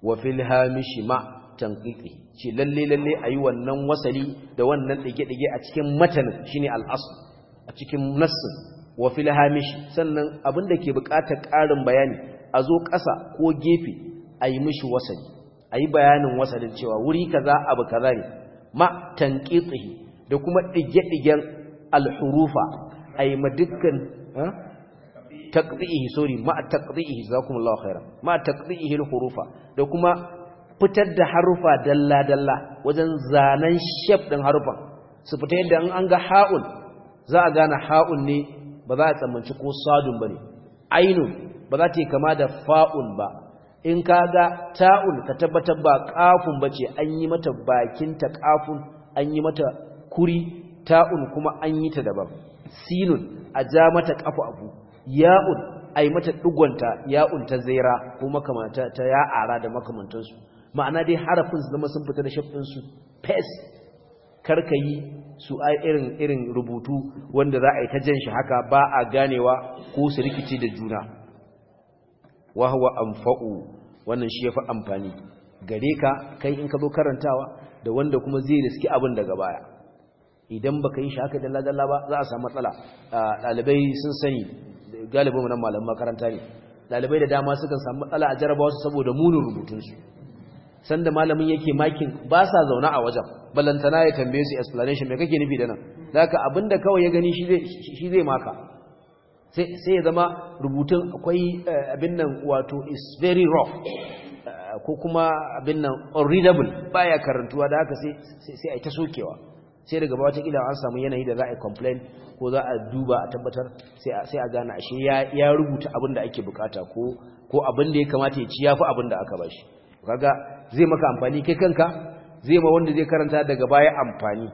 wa fil hamishi ma tanqiqi ce lalle lalle ayi wannan wasali da wannan ɗage-ɗage a cikin matanin shine al-asl a cikin nassin wa fil hamish sannan abinda ke buƙatar ƙarin bayani a zo ƙasa ko gefe ayi mishi wasali ayi bayanin wasalin cewa wuri kaza abu kaza ne ma tanqiqi da kuma dage digen al-hurufa ayi ma dukkan taqdihi sorry ma taqdihi jazakumullahu khairan ma taqdihi al-hurufa da kuma fitar da harufa dalla-dalla wajen zanen shef ɗin harufan su fita yadda an ga ha'un za a gane ha'un ne ba za a tsammanci ko sadun ba ne ainun ba za ta yi kama da fa'un ba in ka ga ta'un ka tabbatar ba ƙafun ba ce an yi mata bakinta ƙafun an yi mata kuri ta'un kuma an yi ta daban sinun a ja mata ƙafu abu ya'un a yi mata ɗigonta ya'un ta zaira ko makamanta ta ya'ara da makamantansu ma'ana dai harafin su zama sun fita da shafin su pes karkayi yi su ai irin irin rubutu wanda za a yi ta jan shi haka ba a ganewa ko su rikici da juna wa huwa anfa'u wannan shi yafi amfani gare ka kai in ka zo karantawa da wanda kuma zai riski abin daga baya idan baka yi shi haka dalla dalla ba za a samu matsala dalibai sun sani galibin nan malaman makaranta ne dalibai da dama sukan samu matsala a jarabawa saboda munin rubutunsu sanda malamin yake makin ba sa zauna a wajen balantana ya tambaye su explanation me kake nufi da nan zaka abinda kawai ya gani shi zai maka sai ya zama rubutun akwai eh, abin nan wato is very rough eh, ko kuma abin nan unreadable ba ya karantuwa da haka sai a ai ta sokewa sai daga ba watakila an samu yanayi da za a complain ko za a duba a tabbatar sai a gane ashe ya rubuta abin da ake bukata ko abin da ya kamata ya ci ya fi abin da aka ba bashi kaga zai maka amfani kai kanka zai ma wanda zai karanta daga baya amfani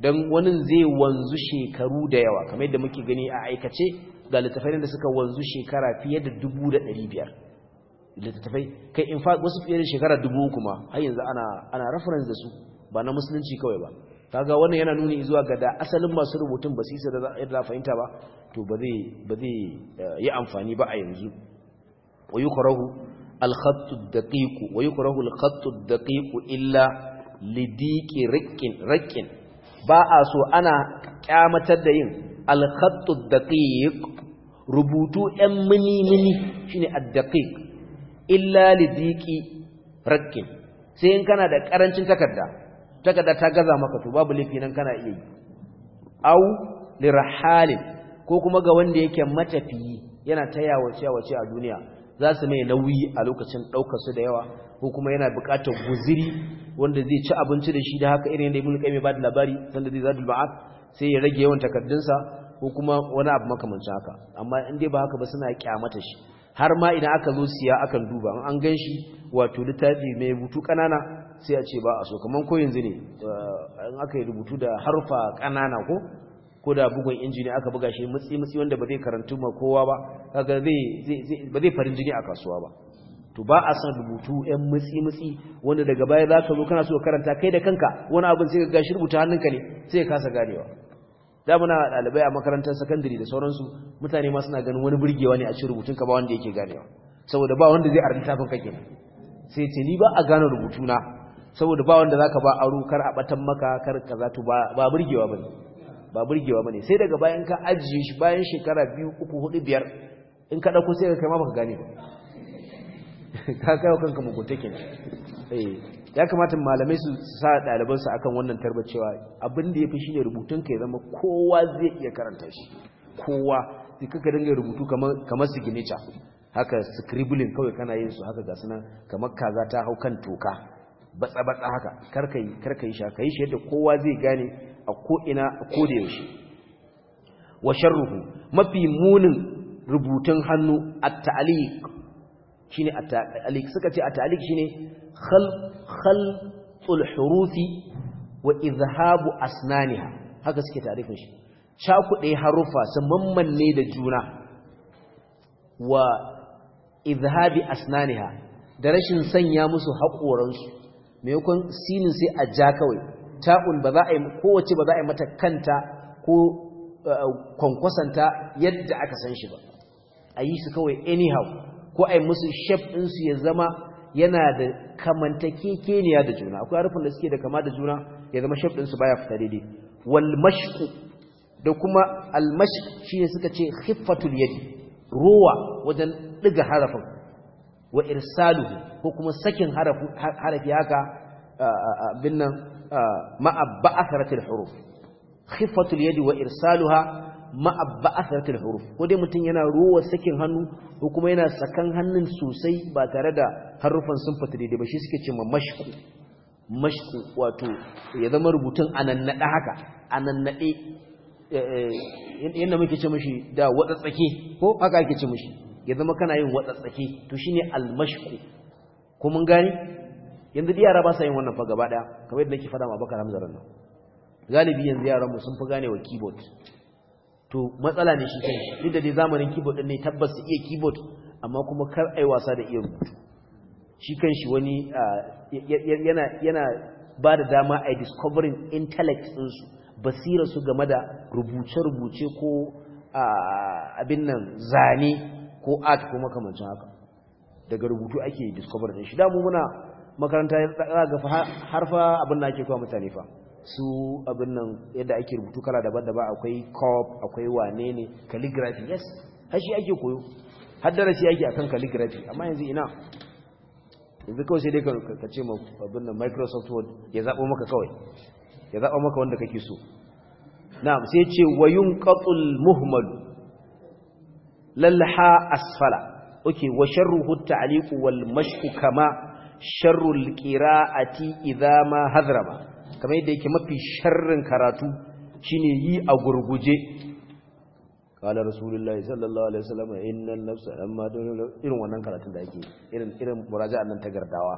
don wani zai wanzu shekaru da yawa kamar yadda muke gani a aikace ga littattafai da suka wanzu shekara fiye da dubu da ɗari biyar littattafai kai in fact wasu fiye da shekara dubu kuma har yanzu ana ana reference da su ba na musulunci kawai ba kaga wannan yana nuni zuwa ga da asalin masu rubutun ba su isa da za fahimta ba to ba zai eh, yi amfani ba a yanzu wa الخط الدقيق ويكره الخط الدقيق إلا لديك رك رك باء سو أنا قامت الدين الخط الدقيق ربوتو أمني مني شنو الدقيق إلا لديك رك سين كان دا كرنشن تكدا تكدا تغذا maka to babu laifi nan kana iya yi au lirhalin ko kuma ga wanda yake matafiyi yana tayawa ciyawa a duniya za su mai nauyi a lokacin ɗaukar da yawa ko kuma yana buƙatar guziri wanda zai ci abinci da shi da haka irin da ibnu qayyim ba da labari sanda zai zadul ba'at sai ya rage yawan takardunsa ko kuma wani abu makamancin haka amma in dai ba haka ba suna kyamata shi har ma idan aka zo siya akan duba in an gan shi wato littafi mai rubutu kanana sai a ce ba a so kamar ko yanzu ne eh, in aka yi rubutu da harfa ƙanana ko ko da bugun injini aka buga shi mutsi mutsi wanda ba zai karantu ma kowa ba kaga zai ba zai farin jini a kasuwa ba to ba a san rubutu ɗan mutsi mutsi wanda daga baya za ka zo kana so karanta kai da kanka wani abin sai ka gashi rubuta hannunka ne sai ka kasa ganewa da muna ɗalibai a makarantar sakandare da sauransu mutane ma suna ganin wani burgewa ne a cikin rubutunka ba wanda yake ganewa saboda ba wanda zai arni tafin kake sai ce ni ba a gane rubutuna saboda ba wanda zaka ba aro kar a batan maka kar kaza to ba burgewa bane ba burgewa bane sai daga bayan ka ajiye shi bayan shekara biyu uku hudu biyar in ka dauko sai ka kai ma baka gane ba (laughs) ka kai wa kanka mugunta kenan eh ya kamata malamai su sa ɗaliban su akan wannan tarbacewa abin da yafi shine rubutun ka ya zama kowa zai iya karanta shi kowa sai kaka dinga rubutu kamar kamar signature haka scribbling kawai kana yin su haka ga sunan kamar kaza ta hau kan toka batsa-batsa haka karkai karkai sha yi shi yadda kowa zai gane a ko'ina a kodayaushe wa sharruhu mafi munin rubutun hannu a ta'aliq shi ne a ta'aliq suka ce a ta'aliq shi ne khalqul hurufi wa izhabu asnaniha haka suke tarifin shi cakuɗe harufa su mammanne da juna wa izhabi asnaniha da rashin sanya musu haƙoransu maimakon sinin sai a ja kawai ta'un ba za a yi kowace ba za a yi mata kanta ko uh, kwankwasanta yadda aka san shi ba a yi su kawai anyhow ko a yi musu shef ɗinsu ya zama yana da kamantakekeniya da juna akwai harufin da suke da kama da juna ya zama shef ɗinsu baya fita daidai wal mashku da kuma al shi ne suka ce hifatul yadi ruwa wajen ɗiga harafin wa irsalu ko kuma sakin harafi haka uh, uh, binnan ma'a ba'atharatil huruf khiffatul yadi wa irsaluha ma'a ba'atharatil huruf ko dai mutum yana ruwa sakin hannu ko kuma yana sakan hannun sosai ba tare da harufan sun fita daidai ba shi suke cewa mashku mashku wato ya zama rubutun anannada haka anannade eh, eh, yanda muke ce mishi da watsatsake ko haka ake ce mishi ya zama kana yin watsatsake to shine almashku ko mun gani yanzu da yara ba sa yin wannan fa gaba daya kamar yadda nake fada ma Abubakar Hamza ran nan galibi yanzu yaran mu sun fi ganewa keyboard to matsala ne shi kai duk da dai zamanin keyboard din ne tabbas su iya keyboard amma kuma kar ai wasa da iya rubutu shi kan shi wani yana yana ba da dama a discovering intellect din su basira su game da rubuce-rubuce ko abin nan zane ko art ko makamancin haka daga rubutu ake discover din shi da mu muna makaranta ya ga harfa abin da ake kowa mutane fa su abin nan yadda ake rubutu kala daban-daban akwai cop akwai wane ne calligraphy yes har shi ake koyo har darasi ake akan calligraphy amma yanzu ina yanzu kawai sai dai ka ce abin nan microsoft word ya zaɓo maka kawai ya zaɓo maka wanda kake so na'am sai ce wayun qatul muhmal lalha asfala oke wa sharruhu at wal mashku kama sharrul qira'ati idza ma hadrama kamar yadda yake mafi sharrin karatu shine yi a gurguje qala rasulullahi sallallahu alaihi wasallam innal nafsa amma irin wannan karatun da yake irin irin muraja'an nan ta gardawa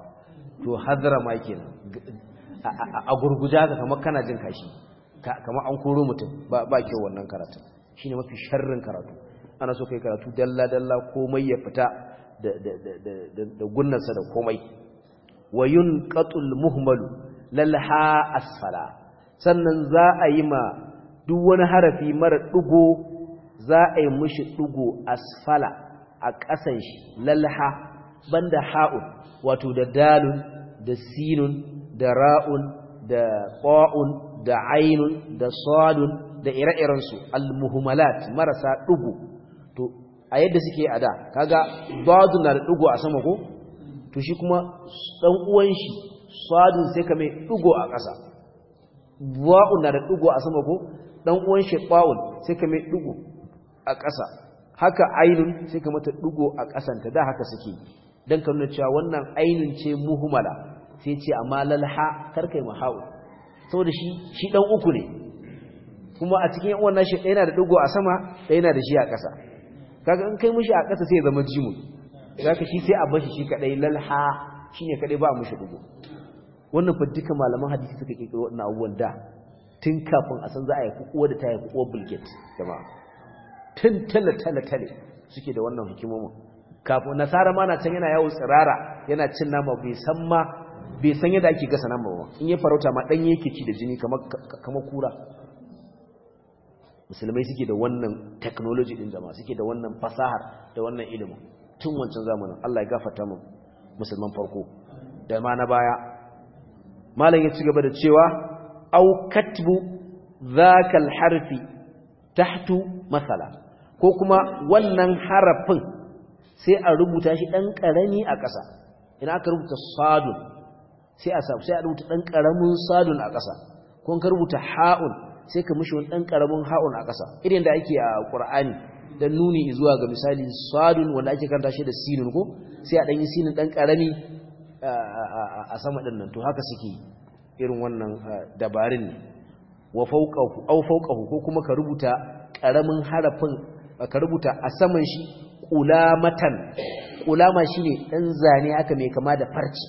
to hadrama kenan a gurguja ka kamar kana jin kashi kamar an koro mutum ba ba kyau wannan karatun shine mafi sharrin karatu ana so kai karatu dalla dalla komai ya fita da gunnarsa da komai wa yunqatul muhmalu lalha asfala sannan za a yi ma duk wani harafi mara dugo za a yi mushi dugo asfala a ƙasan shi lalha banda ha'un wato da dalun da sinun da ra'un da ƙwa'un da ainun da sadun da ire-iren su al marasa dugo to a yadda suke a da kaga ba'dun na da dugo a sama ko to shi kuma dan uwan shi sadin sai ka mai dugo a ƙasa wa'un na da dugo a sama ko dan uwan shi ba'un sai ka mai dugo a ƙasa haka ainun sai ka mata dugo a ta, da haka suke dan ka nuna cewa wannan ainun ce muhumala sai ce amma lalha karkai mahau saboda shi shi dan uku ne kuma a cikin wannan shi ɗaya na da dugo a sama ɗaya na da shi a ƙasa kaga in kai mishi a ƙasa sai ya zama jimun da ka shi sai a bashi shi kadai lalha shine kadai ba mushi dugo wannan fa duka malaman hadisi suka kiro wannan abubuwan da tun kafin a san za a yi kuwa da ta yi kuwa bulget jama'a tun tale tale tale suke da wannan hikimomin kafin nasara ma na can yana yawo tsirara yana cin nama bai san ma bai san yadda ake gasa nama ba in ya farauta ma dan yake ci da jini kamar kura musulmai suke da wannan technology din jama'a suke da wannan fasahar da wannan ilimin tun wancan zamanin Allah ya gafarta mu musulman farko da ma na baya malam ya ci gaba da cewa au katbu zakal harfi tahtu masala ko kuma wannan harafin sai a rubuta shi dan karami a ƙasa ina aka rubuta sadun sai a sai a rubuta dan karamin sadun a ƙasa ko ka rubuta ha'un sai ka mishi wani dan karamin ha'un a ƙasa irin da ake a Qur'ani dan nuni zuwa ga misali sadun wanda ake karanta shi da sinun ko sai a dan yi sinun dan karami a sama din nan to haka suke irin wannan dabarin ne wa fawqahu aw fawqahu ko kuma ka rubuta karamin harafin ka rubuta a saman shi kulamatan kulama shine dan zane haka mai kama da farci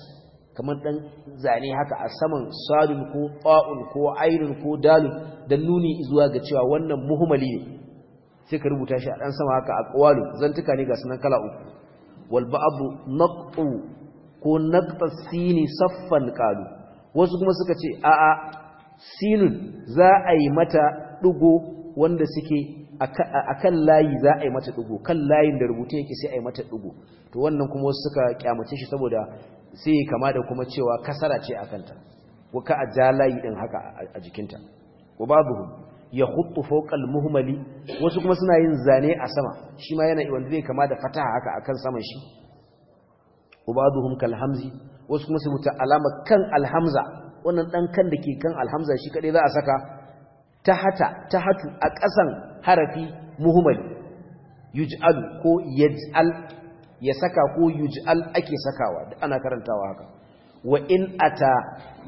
kamar dan zane haka a saman sadun ko qa'un ko ainun ko dalun dan nuni zuwa ga cewa wannan muhmali ne sai ka rubuta shi a ɗan sama haka a Zan zantuka ne ga sunan kala uku wal abu naqtu ko naqta sini saffan qalu wasu kuma suka ce a a sinun za a yi mata dugo wanda suke kan layi za a yi mata dugo kan layin da rubuta yake sai a yi mata dugo to wannan kuma wasu suka kyamace shi saboda sai kama da kuma cewa kasara ce kanta. wa ka a ja layi din haka a jikinta wa babu ya hutu fokal muhimmali wasu kuma suna yin zane a sama shi ma yana iwanda zai kama da fata haka akan saman shi ubaduhum kal hamzi wasu kuma su wuta alama kan alhamza wannan ɗan kan da ke kan alhamza shi kadai za a saka ta hatu a ƙasan harafi muhimmali yuj'al ko yaj'al ya saka ko yuj'al ake sakawa ana karantawa haka wa in ata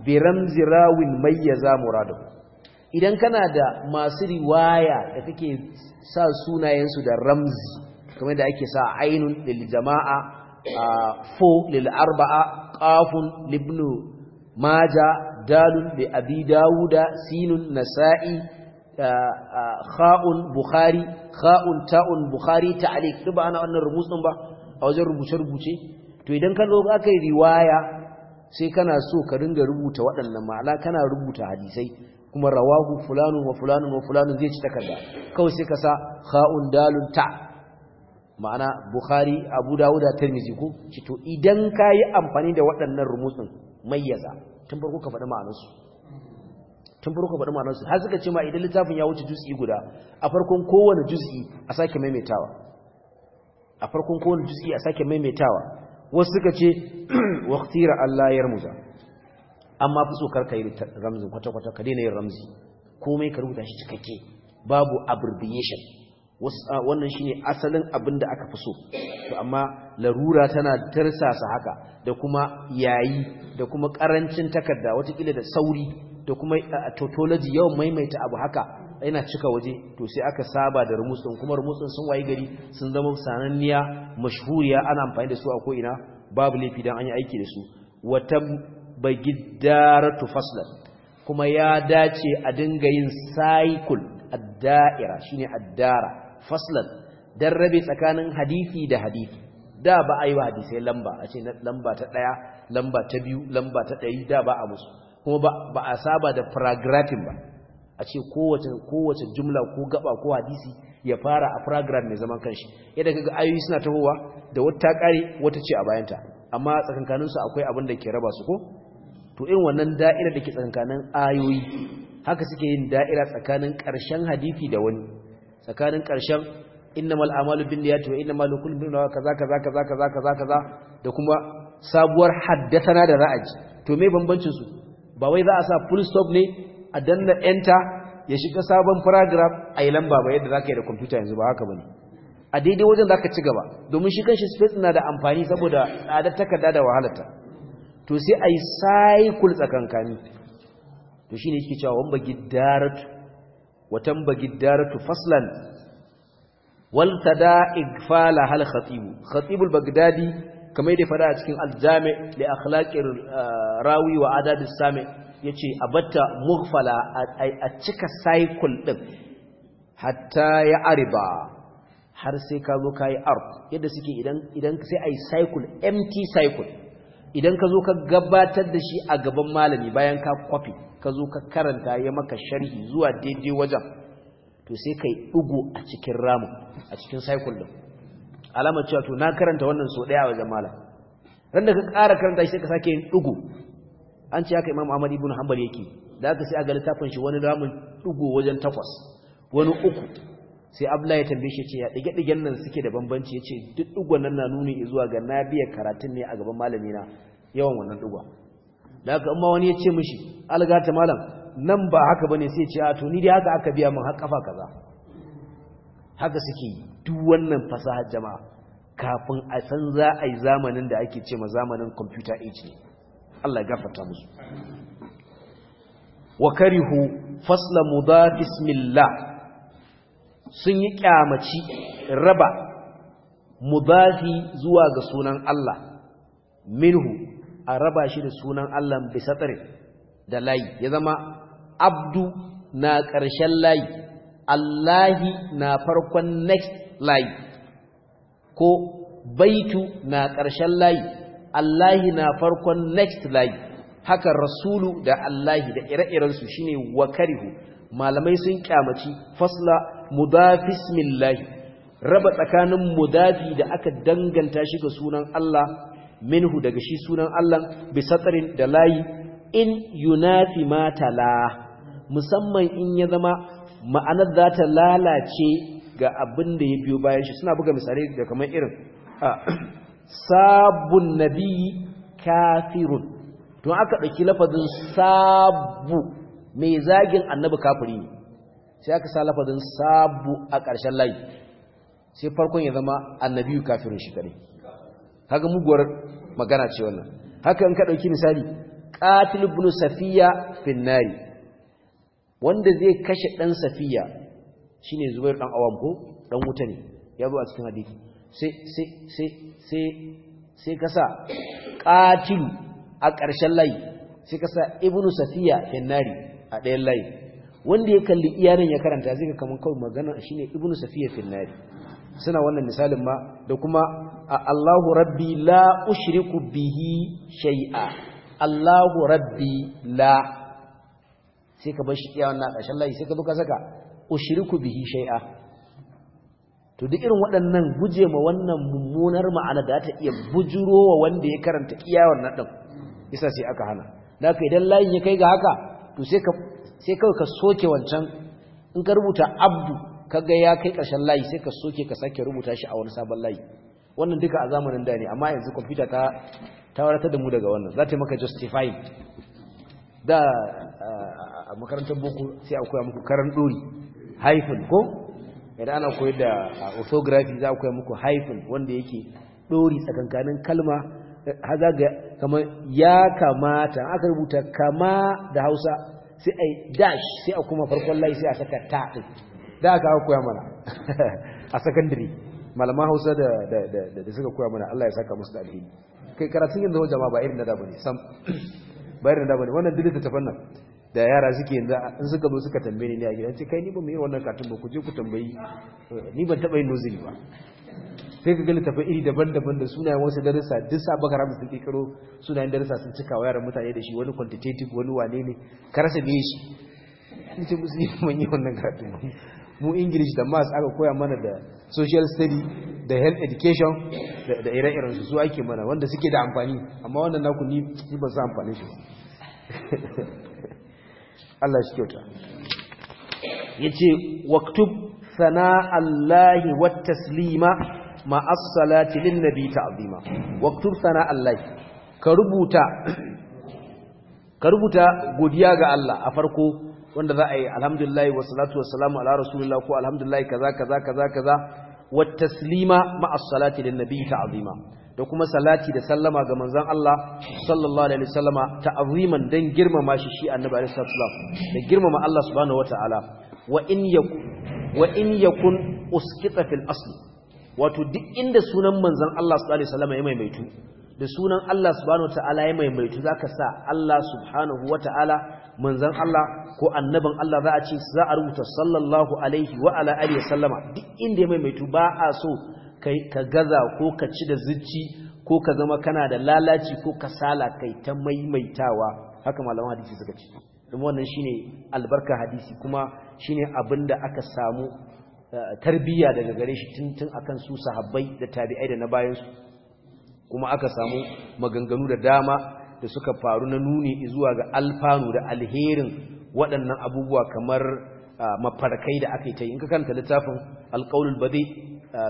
bi ramzi rawin mayyaza muradahu idan kana da masu riwaya da kake sa sunayensu da ramzi kamar da ake sa ainun lil jama'a fo lil arba'a qafun libnu maja dalun li abi dawuda sinun nasa'i kha'un bukhari kha'un ta'un bukhari ta'liq duk ba ana wannan rubutun ba a wajen rubuce rubuce to idan ka zo aka yi riwaya sai kana so ka ringa rubuta waɗannan ma'ana kana rubuta hadisai kuma rawahu fulanun wa fulanun wa fulanun zai ci takarda kawai sai ka sa kha'un dalun ta ma'ana bukhari abu dawuda tirmizi ko ci to idan ka yi amfani da waɗannan rumutsin mayyaza tun farko ka faɗi ma'anarsu tun farko ka faɗi ma'anarsu har suka ce ma idan littafin ya wuce juz'i guda a farkon kowane juz'i a sake maimaitawa a farkon kowane juz'i a sake maimaitawa wasu suka ce waqtira Allah yarmuza amma fi so ka yi ramzi kwata-kwata ka daina yin ramzi komai ka rubuta shi cikakke babu abbreviation wannan shine asalin abin da aka fi so to amma larura tana tarsasa haka da kuma yayi da kuma karancin takarda watakila da sauri da kuma tautology yawan maimaita abu haka yana cika waje to sai aka saba da rumusun kuma rumusun sun wayi gari sun zama sananniya mashhuriya ana amfani da su a ko'ina babu laifi don an yi aiki da su wata bagiddaratu faslan kuma ya dace a dinga yin cycle ad-da'ira shine ad-dara faslan dan rabe tsakanin hadisi da hadisi da ba a yi wa hadisai lamba a ce lamba ta ɗaya lamba ta biyu lamba ta dari da ba a musu kuma ba a saba da paragraphing ba a ce kowace kowace jumla ko gaba ko hadisi ya fara a paragraph mai zaman kanshi yadda kaga ayoyi suna tahowa da wata kare wata ce a bayanta amma tsakankaninsu akwai abin da ke raba su ko to in wannan da'ira da ke tsakanin ayoyi haka suke yin da'ira tsakanin ƙarshen hadisi da wani tsakanin ƙarshen innamal a'malu binniyati wa innamal kullu bin ma kaza kaza kaza kaza kaza kaza da kuma sabuwar haddathana da ra'aji to me bambancin su ba wai za a sa full stop ne a danna enter ya shiga sabon paragraph a yi lamba ba yadda zaka yi da computer yanzu ba haka bane a daidai wajen zaka ci gaba domin shi kanshi space na da amfani saboda tsadar takarda da wahalarta to sai a yi saikul tsakankani to shi ne yake cewa wani bagi watan bagi daratu faslan waltada igfala hal khatibu khatibul bagdadi kamar da fada a cikin aljami da akhlaqir eh, rawi wa adadin sami yace abatta mughfala a cika saikul ɗin. hatta ya ariba har sai ka zo kai yadda suke idan idan sai ai saikul empty cycle idan ka zo ka gabatar da shi a gaban malami bayan ka kwafi ka zo ka karanta ya maka sharhi zuwa daidai wajen to sai ka yi ɗugu a cikin ramin a cikin saikul ɗin alamar cewa to na karanta wannan so ɗaya a wajen malam ran da ka ƙara karanta shi sai ka sake yin ɗugu an ce haka imam ahmad ibn hanbal yake da ka sai a ga littafin shi wani ramin ɗigo wajen takwas wani uku sai abla ya tambaye shi ce ya dige digen nan suke da bambanci yace duk dugon nan na nuni zuwa ga na biya karatun ne a gaban malami na yawan wannan dugwa da haka amma wani yace mishi algata malam nan ba haka bane sai ce a to ni dai haka aka biya min har kafa kaza haka suke yi duk wannan fasahar jama'a kafin a san za a yi zamanin da ake ce ma zamanin computer age ne Allah ya gafarta musu wa karihu fasla mudaf bismillah sun yi kyamaci raba mubazi zuwa ga sunan Allah minhu a raba shi da sunan Allah bisa tsare da layi ya zama abdu na ƙarshen layi Allahi na farkon next layi ko baitu na ƙarshen layi Allahi na farkon next layi haka rasulu da Allahi da ire-irensu shine wakarihu malamai sun ƙyamaci fasla mudafismillahi raba tsakanin mudafi da aka danganta shi ga sunan Allah minhu daga shi sunan Allah bi satsarin da layi in yunafi matala musamman in ya zama ma'anar za ta lalace ga abin da ya biyo bayan shi suna buga misali da kamar irin sabun nabi kafirun don aka ɗauki lafazin sabu mai zagin annabi kafiri ne sai aka sa lafazin sabu a ƙarshen layi sai farkon ya zama annabiyu kafirin shi kare kaga muguwar magana ce wannan haka in ka ɗauki misali ƙatil ibn safiya finnari, wanda zai kashe ɗan safiya shine zubair dan awam ko ɗan wuta ne ya zo a cikin hadithi, sai sai sai sai a ƙarshen layi sai sa ibn safiya finnari a ɗayan layi wanda ya kalli iyanan ya karanta zai ga kaman kawai magana shine ibnu safiya fil nari suna wannan misalin ma da kuma Allahu rabbi la ushriku bihi shay'a Allahu rabbi la sai ka bashi iya wannan ƙarshen layi sai ka zo saka ushiriku bihi shay'a to duk irin waɗannan guje ma wannan mummunar ma'ana da ta iya bujurowa wanda ya karanta iya wannan din isa sai aka hana da idan layin ya kai ga haka to sai ka sai kawai ka soke wancan in ka rubuta abdu kaga ya kai ƙarshen layi sai ka soke ka sake rubuta shi a wani sabon layi wannan duka a zamanin da ne amma yanzu kwamfuta ta ta da mu daga wannan za ta maka justifying da a makarantar boko sai a koya muku karan ɗori haifin ko idan ana koyar da orthography za a koya muku haifin wanda yake ɗori tsakankanin kalma haza ga kamar ya kamata aka rubuta kama da hausa sai a dash sai a kuma farkon lai sai a saka ta ɗin da aka haka koya mana (laughs) a sakandare malaman hausa da suka koya mana Allah ya saka musu da alhini kai karatun yanzu jama'a ba irin da da sam ba irin da bane wannan dilita ta nan da yara suke yanzu in suka zo suka tambaye ni a gidan ce kai ni ba mu yi wannan katin ba ku je ku tambayi eh, ni ban taɓa yin nozili ba sai ka gani tafi iri daban-daban da sunayen wasu darussa duk sabon karamin sun kekaro sunayen darussa sun cika wa yaran mutane da shi wani quantitative wani wane ne ka rasa me shi ni ce musu mun yi wannan karatu mu english da maths aka koya mana da social study da health education da ire-iren su su ake mana wanda suke da amfani amma wannan naku ni ba su amfani shi Allah shi kyauta Ya yace waktub sana'allahi wa taslima ma'as salati lin nabi ta'zima waktub sana Allah ka rubuta ka rubuta godiya ga Allah a farko wanda za a yi alhamdulillah wa salatu wa salamu ala rasulillah ko alhamdulillah kaza kaza kaza kaza wa taslima ma'as salati lin nabi ta'zima da kuma salati da sallama ga manzon Allah sallallahu alaihi wasallama ta'ziman dan girmama shi shi annabi alaihi sallam da girmama Allah subhanahu wataala wa in yakun wa in yakun uskita fil asli wato duk inda sunan manzon Allah sallallahu alaihi wasallam ya maimaitu da sunan Allah subhanahu wataala ya maimaitu zaka sa Allah subhanahu wataala manzon Allah ko annabin Allah za a ce za a rubuta sallallahu alaihi wa ala alihi wasallama duk inda ya maimaitu ba a so kai ka gaza ko ka ci da zuci ko ka zama kana da lalaci ko kasala kai ta maimaitawa haka malaman hadisi suka ce kuma wannan shine albarka hadisi kuma shine abinda aka samu tarbiyya daga gare shi tuntun akan su sahabbai da tabi'ai da na bayansu kuma aka samu maganganu da dama da suka faru na nuni zuwa ga alfanu da alherin waɗannan abubuwa kamar mafarkai da aka yi ta yi in ka kanta littafin alƙaunul bade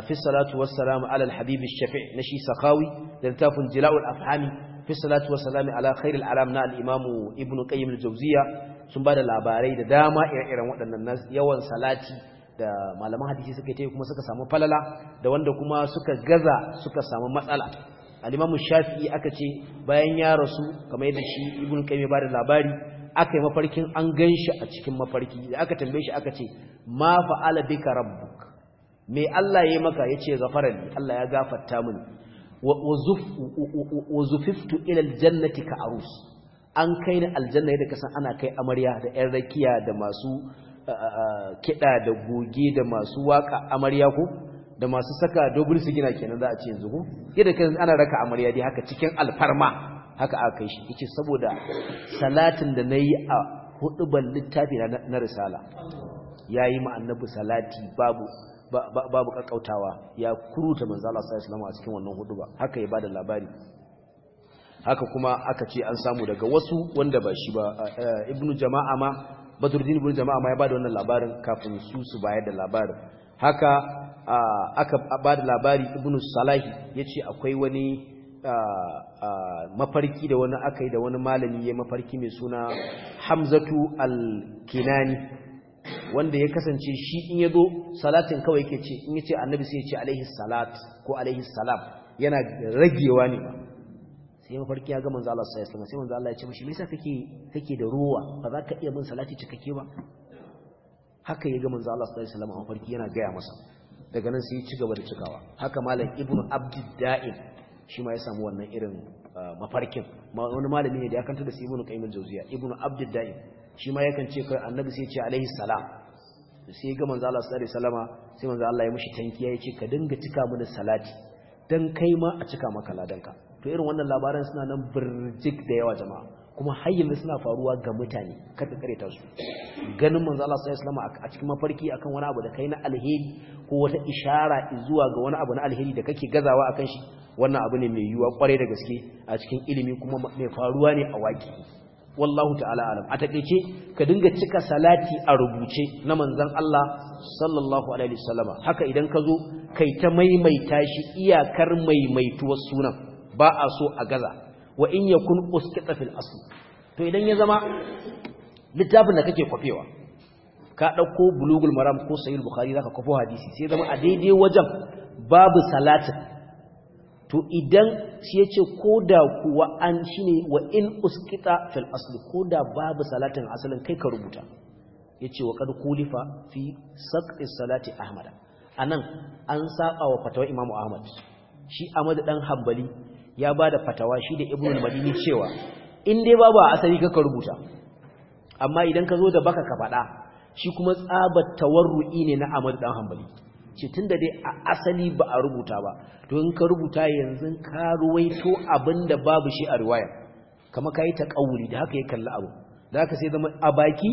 fi salatu wassalamu ala alhabibi shafi na shi sakawi da littafin jila'ul afhami fi salatu wassalamu ala khairul alam na al'imamu ibnu qayyim al-jawziya sun ba da labarai da dama ire-iren waɗannan yawan salati da malaman hadisi suka yi kuma suka samu falala da wanda kuma suka gaza suka samu matsala alimamu Shafi shafi'i aka ce bayan ya rasu kamar yadda shi ibn qayyim ba da labari aka yi mafarkin an ganshi a cikin mafarki da aka tambaye shi aka ce ma fa'ala bika rabbuk me Allah ya yi maka ya ce ghafarani Allah ya gafarta min. wa zufiftu ila jannati ka arus an kai ni aljanna yadda kasan ana kai amarya da ƴan rakiya da masu kiɗa da goge da masu waka amarya ko da masu saka su gina kenan za a ce yanzu ko yadda kan ana raka amarya dai haka cikin alfarma haka aka kai shi yace saboda salatin da nayi a huɗuban littafi na risala yayi ma annabi salati babu babu kakkautawa ya kuruta manzo Allah sallallahu alaihi a cikin wannan ba haka ya bada labari haka kuma aka ce an samu daga wasu wanda ba shi ba ibnu jama'a ma badruddin ibn jama'a ma ya bada wannan labarin kafin su su bayar da labarin haka aka bada labari ibn salahi ya ce akwai wani mafarki da wani aka yi da wani malami ya mafarki mai suna hamzatu al-kinani wanda ya kasance shi in ya zo salatin kawai ke ce in ce annabi sai ya ce alaihi salat ko alaihi salam yana ragewa ne ba sai mafarki ya ga manzo Allah sallallahu alaihi wasallam sai manzo Allah ya ce mishi me yasa kake kake da ruwa ba za ka iya bin salati cikakke ba haka ya ga manzo Allah sallallahu alaihi wasallam mafarki yana gaya masa daga nan sai ya ci gaba da cikawa haka malam ibnu abdid da'im shi ma ya samu wannan irin ah, mafarkin wani malami ne da ya kanta da sai ibnu qayyim al-jawziya ibnu abdid da'im shi ma ya kance kai annabi sai ya ce alaihi salam sai ya ga manzo Allah sallallahu alaihi wasallama sai manzo Allah ya mishi tankiya ya ce ka dinga cika mu da salati dan kai ma a cika maka ladanka to irin wannan labaran suna nan birjik da yawa jama'a kuma har yanzu suna faruwa ga mutane kada kare ta su ganin manzo Allah sallallahu alaihi a cikin mafarki akan wani abu da kai na alheri ko wata ishara zuwa ga wani abu na alheri da kake gazawa akan shi wannan abu ne mai yiwuwa kwarai da gaske a cikin ilimi kuma mai faruwa ne a waki wallahu ta'ala alam a takeice ka dinga cika salati a rubuce na manzon Allah sallallahu alaihi wasallam haka idan ka zo kai ta maimaita shi iyakar maimaituwar sunan ba a so a gaza wa in kun usqita fil to idan ya zama littafin da kake kwafewa ka ɗauko bulugul maram ko bukari za ka kwafo hadisi sai zama a daidai wajen babu salatin to idan shi ko da kuwa an shine wa in usqita fil ko da babu salatin asalin kai ka rubuta ce wa kad kulifa fi salati ahmad anan an saba wa fatawa imamu ahmad shi Amadu dan hambali. ya ba da fatawa shi da ibn madini cewa in dai babu a asali kaka rubuta amma idan ka zo da baka ka faɗa shi kuma tsabar tawarru'i ne na amadu dan hanbali ce tunda dai a asali ba a rubuta ba to in ka rubuta yanzu ka ruwaito abinda babu shi a riwaya kama ka yi taƙawuri da haka ya kalli abu da haka sai zama a baki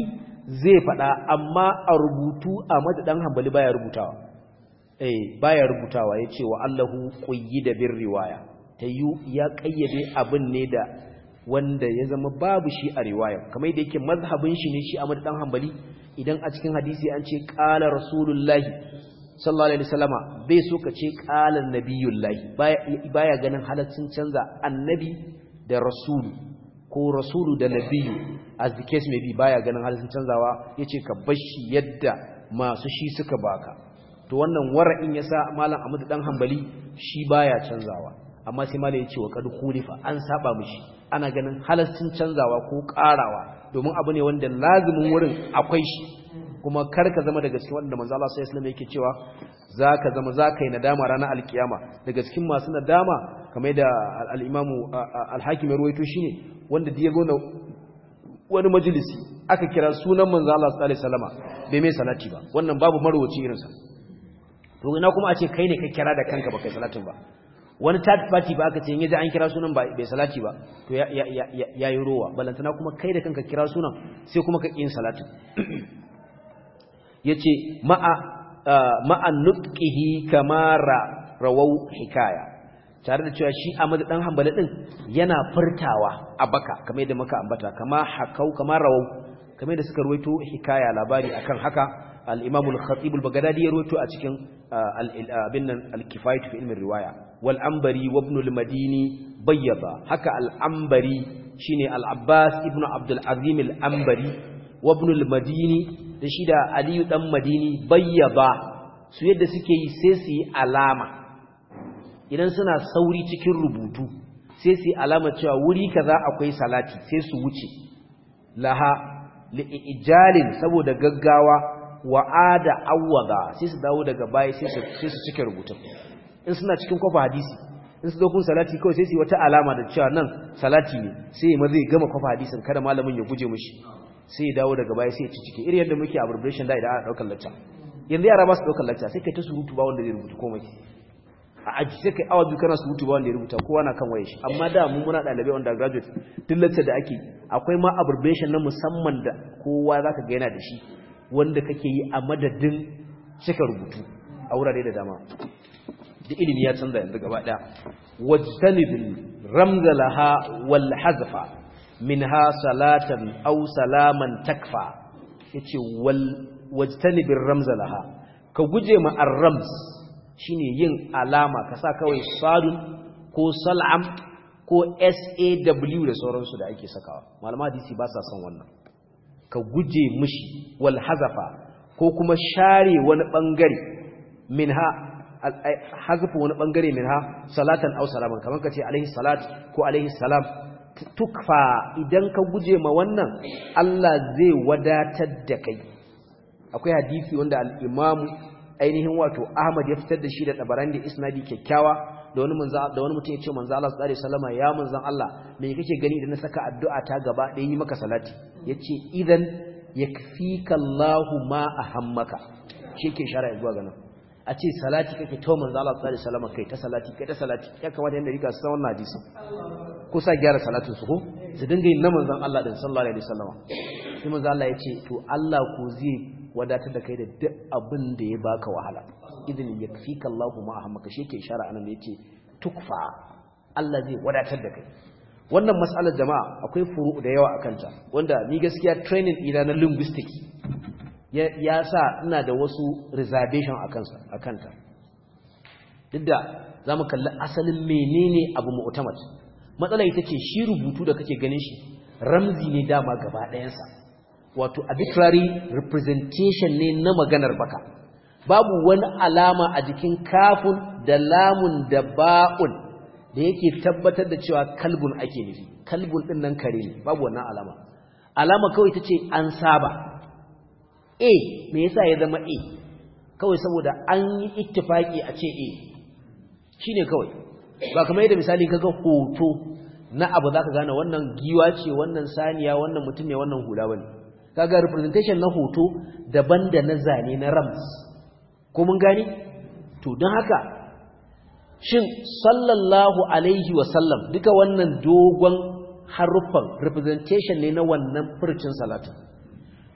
zai faɗa amma a rubutu amadu dan hambali baya rubutawa eh baya rubutawa ya ce wa allahu da bin riwaya ta yi ya kayyade abin ne da wanda ya zama babu shi a riwayar kamar da yake mazhabin shi ne shi a madadan hambali, idan a cikin hadisi an ce qala rasulullahi sallallahu alaihi wasallama bai so ka ce qala nabiyullahi baya ganin halaccin canza annabi da rasulu ko rasulu da nabiyu as the case may be baya ganin halaccin canzawa yace ka bashi yadda masu shi suka baka to wannan wara'in yasa malam Ahmad dan hambali shi baya canzawa amma sai malai ya ce wa kadu kulifa an saba mishi ana ganin halarcin canzawa ko karawa domin abu ne wanda lazumin wurin akwai shi kuma karka zama daga cikin wanda manzo Allah sallallahu alaihi wasallam yake cewa zaka zama zaka yi nadama rana alkiyama daga cikin masu nadama kamar da al-imamu al-hakim ruwaito shine wanda da ya zo wani majalisi aka kira sunan manzo Allah sallallahu alaihi wasallama bai mai salati ba wannan babu marwaci irinsa to ina kuma a ce kai ne ka kira da kanka baka kai salatin ba wani third party ba aka ce yin yaji an kira sunan ba bai salati ba to ya ya yi rowa balantana kuma kai da kanka kira sunan sai kuma ka yin salati yace ma'a ma'a nutqihi kama rawau hikaya tare da cewa shi Ahmad dan Hanbali din yana furtawa a baka kamar yadda muka ambata kama hakau kama rawau kamar yadda suka ruwaito hikaya labari akan haka al-Imam al-Khatib al-Baghdadi ya ruwaito a cikin abin nan al-kifayat fi ilmin riwaya wal ambari madini bayyaba haka al'ambari shi shine al-abbas ibn abdul azim al madini da shida da aliyu dan madini bayyaba su yadda suke yi sai su yi alama idan suna sauri cikin rubutu sai su yi alama cewa wuri kaza akwai salati sai su wuce laha li'ijalin saboda gaggawa wa'ada awwaga sai su dawo daga baya sai su cike rubutun in suna cikin kofa hadisi in su dokun salati kawai sai su wata alama da cewa nan salati ne sai ma zai gama kofa hadisin kada malamin ya guje mishi sai ya dawo daga baya sai ya ci cike irin yadda muke abbreviation da idan ana daukar lacca yanzu yara ba su daukar lacca sai kai ta surutu ba wanda zai rubuta komai a aji sai kai awa biyu kana surutu ba wanda ya rubuta kowa na kan waye shi amma da mu muna ɗalibai wanda graduate duk lacca da ake akwai ma abbreviation na musamman da kowa zaka ga yana da shi wanda kake yi a madadin cika rubutu a wurare da dama da ilimi ya canza yanzu gaba ɗaya wajtanibin ramzalaha wal hazfa minha salatan aw salaman takfa yace wal wajtanibin ramzalaha ka guje ma Arrams shine yin alama ka sa kawai sadun ko sal'am ko saw da sauransu da ake sakawa malama hadisi ba sa son wannan ka guje mushi wal hazafa ko kuma share wani bangare minha hazafa wani bangare minha salatan aw salaman kamar kace alaihi salat ko alaihi salam tukfa idan ka guje ma wannan Allah zai wadatar da kai akwai hadisi wanda al-imamu ainihin wato Ahmad ya fitar da shi da tabarani da isnadi kyakkyawa da wani manzo da wani mutum ya ce manzo Allah sallallahu alaihi wasallam ya manzon Allah me kake gani idan na saka addu'a ta gaba da yi maka salati yace idan yakfika Allahu ma ahammaka shi ke shara zuwa ga nan a ce salati kake to manzo Allah sallallahu alaihi wasallam kai ta salati kai ta salati ya kamata yanda rika san wannan hadisi ko sa gyara salatin su ko su dinga yin na manzon Allah din sallallahu alaihi wasallam sai manzo Allah ya ce to Allah ko zai wadatar da kai da duk abin da ya baka wahala idin fi kallahu ma a shi ke shara anan tukfa Allah zai wadatar da kai wannan matsalar jama'a akwai furu da yawa a kanta, wanda ni gaskiya training ina na linguistics ya sa ina da wasu reservation a kanta. duk da za mu kalli asalin menene abu mu'tamad matsala ita ce shi rubutu da kake ganin shi ramzi ne dama gaba ɗayansa wato arbitrary representation ne na maganar baka babu wani alama a jikin kafun da lamun da ba'un da yake tabbatar da cewa kalbun ake nufi kalbun din nan kare ne babu wannan alama alama kawai ta ce an saba a me yasa ya zama a kawai saboda an yi ittifaki a ce a shine kawai ba kamar yadda misali kaga hoto na abu zaka gane wannan giwa ce wannan saniya wannan mutum ne wannan hula bane kaga representation na hoto daban da na zane na rams ko mun gani? to don haka shin sallallahu alaihi wasallam duka wannan dogon haruffan representation ne na wannan furcin salatu?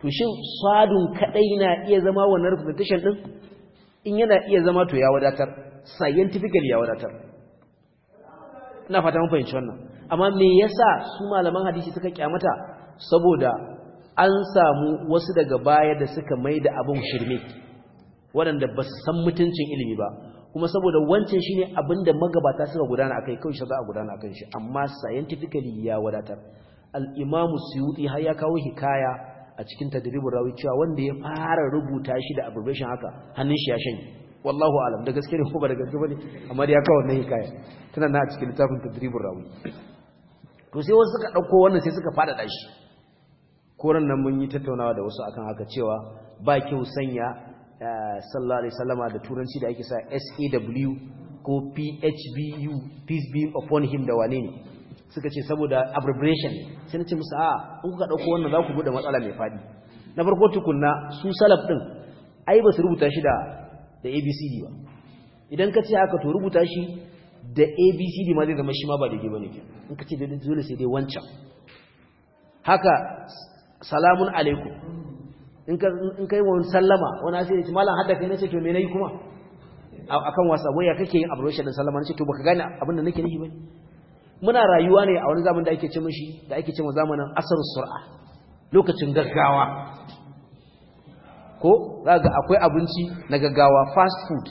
to shin sadun kadai na iya zama wannan representation din in yana iya zama to ya wadatar scientifically ya wadatar ina fata mun fahimci wannan amma me yasa su malaman hadisi suka kyamata saboda an samu wasu daga baya da suka maida abun shirme waɗanda ba su san mutuncin ilimi ba kuma saboda wancan shi ne abinda magabata suka gudana akai kawai shi za a gudana akan shi amma scientifically ya wadatar Al'imamu imamu suyuti har ya kawo hikaya a cikin tadribin rawi cewa wanda ya fara rubuta shi da abubuwan haka hannun shi ya shanye wallahu alam da gaske ne ko ba da gaske bane amma da ya kawo wannan hikaya tana na a cikin littafin tadribin rawi to sai wasu suka ɗauko wannan sai suka fada ɗashi. koran nan mun yi tattaunawa da wasu akan haka cewa ba kyau sanya Eh, sallallahu alaihi sallama da turanci da ake sa SAW ko PHBU peace be upon him da wane ne suka ce saboda abbreviation sai na ce musu a in ka dauko wannan za ku bude matsala mai faɗi na farko tukunna su salaf ɗin ai ba su rubuta shi da da ABCD ba idan ka ce haka to rubuta shi da abcd ma zai zama shi ma ba daidai ne ke in ka ce dole sai dai wancan haka salamun alaikum in ka kai wani sallama wani asiri ce malam hadda kai nace to me nayi kuma akan wasa ya kake yin abroshin din sallama nace to baka gane abin da nake nihi ba? muna rayuwa ne a wani zamanin da ake cin mishi da ake ce zamanin asar sur'a lokacin gaggawa ko za ga akwai abinci na gaggawa fast food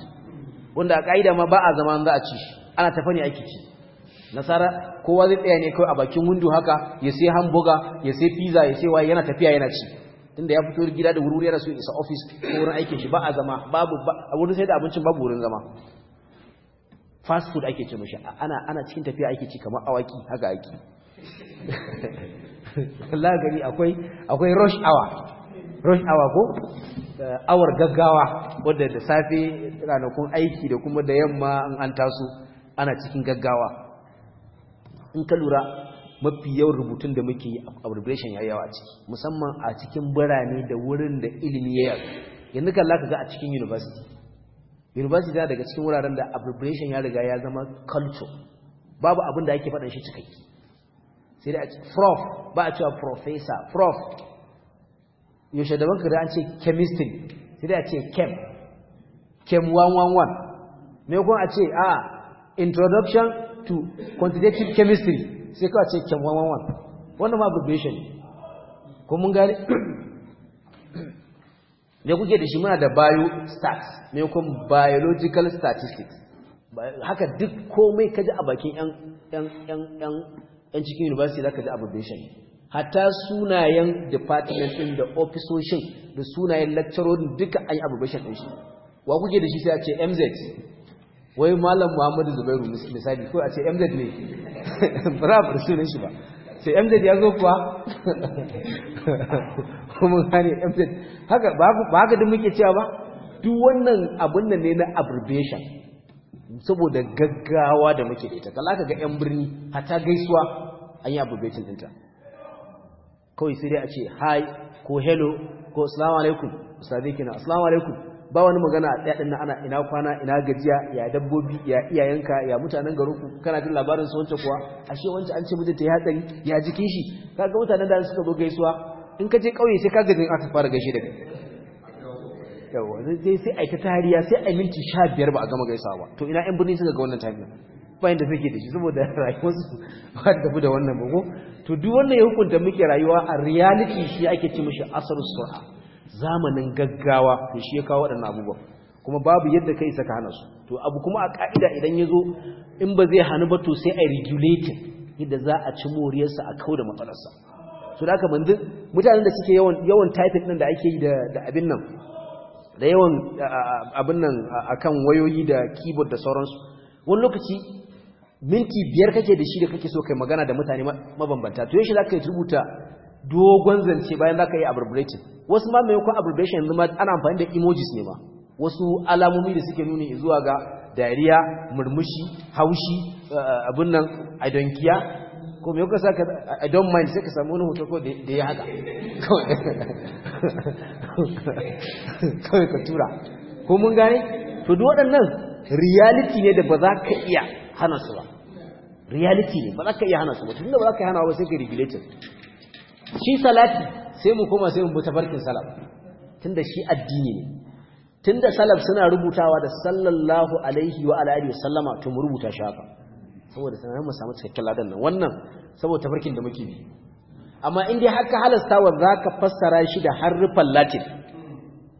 wanda a ka'ida ma ba a zama za a ci ana tafa ne ake ci nasara kowa zai tsaya ne kawai a bakin windo haka ya sai hamburger ya sai pizza ya sai waye yana tafiya yana ci tunda ya fito gida da wuri yana so isa office ko wurin aikin shi ba a zama babu a wurin sai da abincin babu wurin zama fast food ake ce mashi ana ana cikin tafiya ake ci kamar awaki haka ake (laughs) Allah gari akwai akwai rush hour rush hour ko awar eh, gaggawa wadda da safe ranakun aiki da kuma da yamma an taso ana cikin gaggawa in ka lura mafi yawan rubutun da muke abbreviation ya yawa a ciki musamman a cikin birane da wurin da ilimi ya yazo yanzu kan zaka ga a cikin university university da daga cikin wuraren da abubuwan ya riga ya zama culture babu abin da ake faɗan shi cikakki sai dai prof ba a cewa professor prof yaushe da banka da an ce chemistry sai dai a ce chem chem 111 me kuma a ce a introduction to quantitative chemistry sai kawai ce kyanwan wanwan wannan ma ne ko mun gane ne (coughs) kuke da shi muna da bio stats me kuma biological statistics haka duk komai kaji a bakin yan yan yan yan yan cikin university zaka ji abbreviation hatta sunayen department din da ofisoshin da sunayen lecturer duka an yi abbreviation din shi wa kuke da shi sai a ce MZ wai malam muhammadu zubairu misali ko a ce mz ne (laughs) ba za a farsu shi ba sai mz ya zo kuwa (laughs) kuma hane mz haka ba haka da muke cewa ba duk wannan abin nan ne na abrubation saboda gaggawa da muke da ita kala ga yan birni hata gaisuwa an yi abrubation dinta kawai sai dai a ce hi ko hello ko assalamu alaikum ustazi kina assalamu alaikum ba wani magana a tsaya dinnan ana ina kwana ina gajiya ya dabbobi ya iyayenka ya mutanen garinku kana jin labarin su wancan kuwa ashe wancan an ce mijin ta ya hatsari ya ji kishi kaga mutanen da suka zo gaisuwa in ka je kauye sai ka gajin aka fara gaishe daga yawa sai sai ai ta tariya sai a minti sha biyar ba a gama gaisawa ba to ina yan birni suka ga wannan tariya bayan da suke da shi saboda (laughs) su ba ta da wannan ba ko to duk wannan ya hukunta muke rayuwa a reality shi ake ci mishi asarus sur'a zamanin gaggawa to shi ya kawo waɗannan abubuwan kuma babu yadda ka isa ka hana su to abu kuma a ƙa'ida idan ya zo in ba zai hannu ba to sai a regulating yadda za a ci moriyarsa a kau da matsalarsa Su da aka manzin mutanen da suke yawan yawan typing da ake yi da abin nan da yawan abin nan a kan wayoyi da keyboard da sauransu wani lokaci minti biyar kake da shi da kake so kai magana da mutane mabambanta to yaushe za ka rubuta dogon zance bayan za ka yi abbreviating wasu ma maimakon abbreviation yanzu ma ana amfani da emojis ne ma wasu alamomi da suke nuni zuwa ga dariya murmushi haushi eh, abin nan donkiya ko mai kusa ka a don mind sai ka samu wani hoto ko da ya haka (laughs) kawai ka tura ko mun gane to duk waɗannan reality ne da ba za ka iya hana su ba reality ne ba za ka iya hana su ba tun da ba za ka iya hana ba sai ka regulating shi salati sai mu koma sai mu bi tafarkin salaf tunda shi addini ne tunda salaf suna rubutawa da sallallahu alaihi wa alihi wa sallama to mu rubuta shi haka saboda sanar mu samu cikakken ladan nan wannan saboda tafarkin da muke bi amma in dai haka halasta wa zaka fassara shi da harfan latin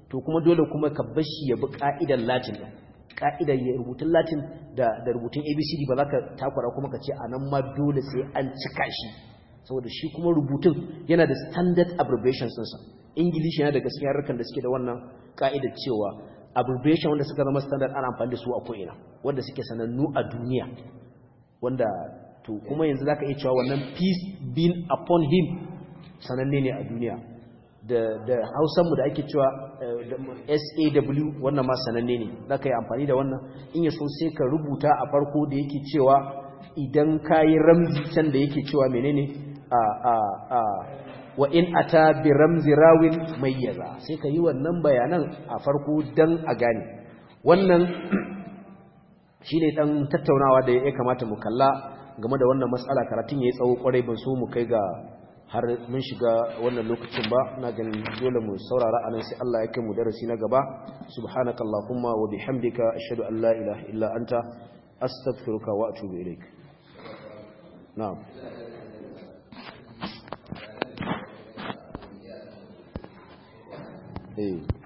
to kuma dole kuma ka bar shi ya bi ka'idan latin din ka'idar ya rubutun latin da da rubutun abcd ba za ka takura kuma ka ce anan ma dole sai an cika shi saboda shi kuma rubutun yana da standard abbreviation sunsa ingilishi yana da gaskiya harkar da suke da wannan ka'idar cewa abbreviation wanda suka zama standard ana amfani da su a ko'ina wanda suke sanannu a duniya wanda to kuma yanzu za ka iya cewa wannan peace being upon him sananne ne a duniya da da mu da ake cewa eh, SAW wannan ma sananne ne za ka yi amfani da wannan in yaso sai ka rubuta a farko da yake cewa idan yi ramzi can da yake cewa menene wa in ata bi ramzi rawin mayyaza sai ka yi wannan bayanan a farko dan a gane wannan (clears throat) shine ɗan tattaunawa da ya kamata mu kalla game da wannan matsala karatun ya yi tsawo kwarai ban so mu kai ga har mun shiga wannan lokacin ba na ganin dole mu saurara anan sai Allah ya kai mu darasi na gaba subhanakallahumma wa bihamdika ashhadu an la ilaha illa anta astaghfiruka wa atubu ilaik na'am Amen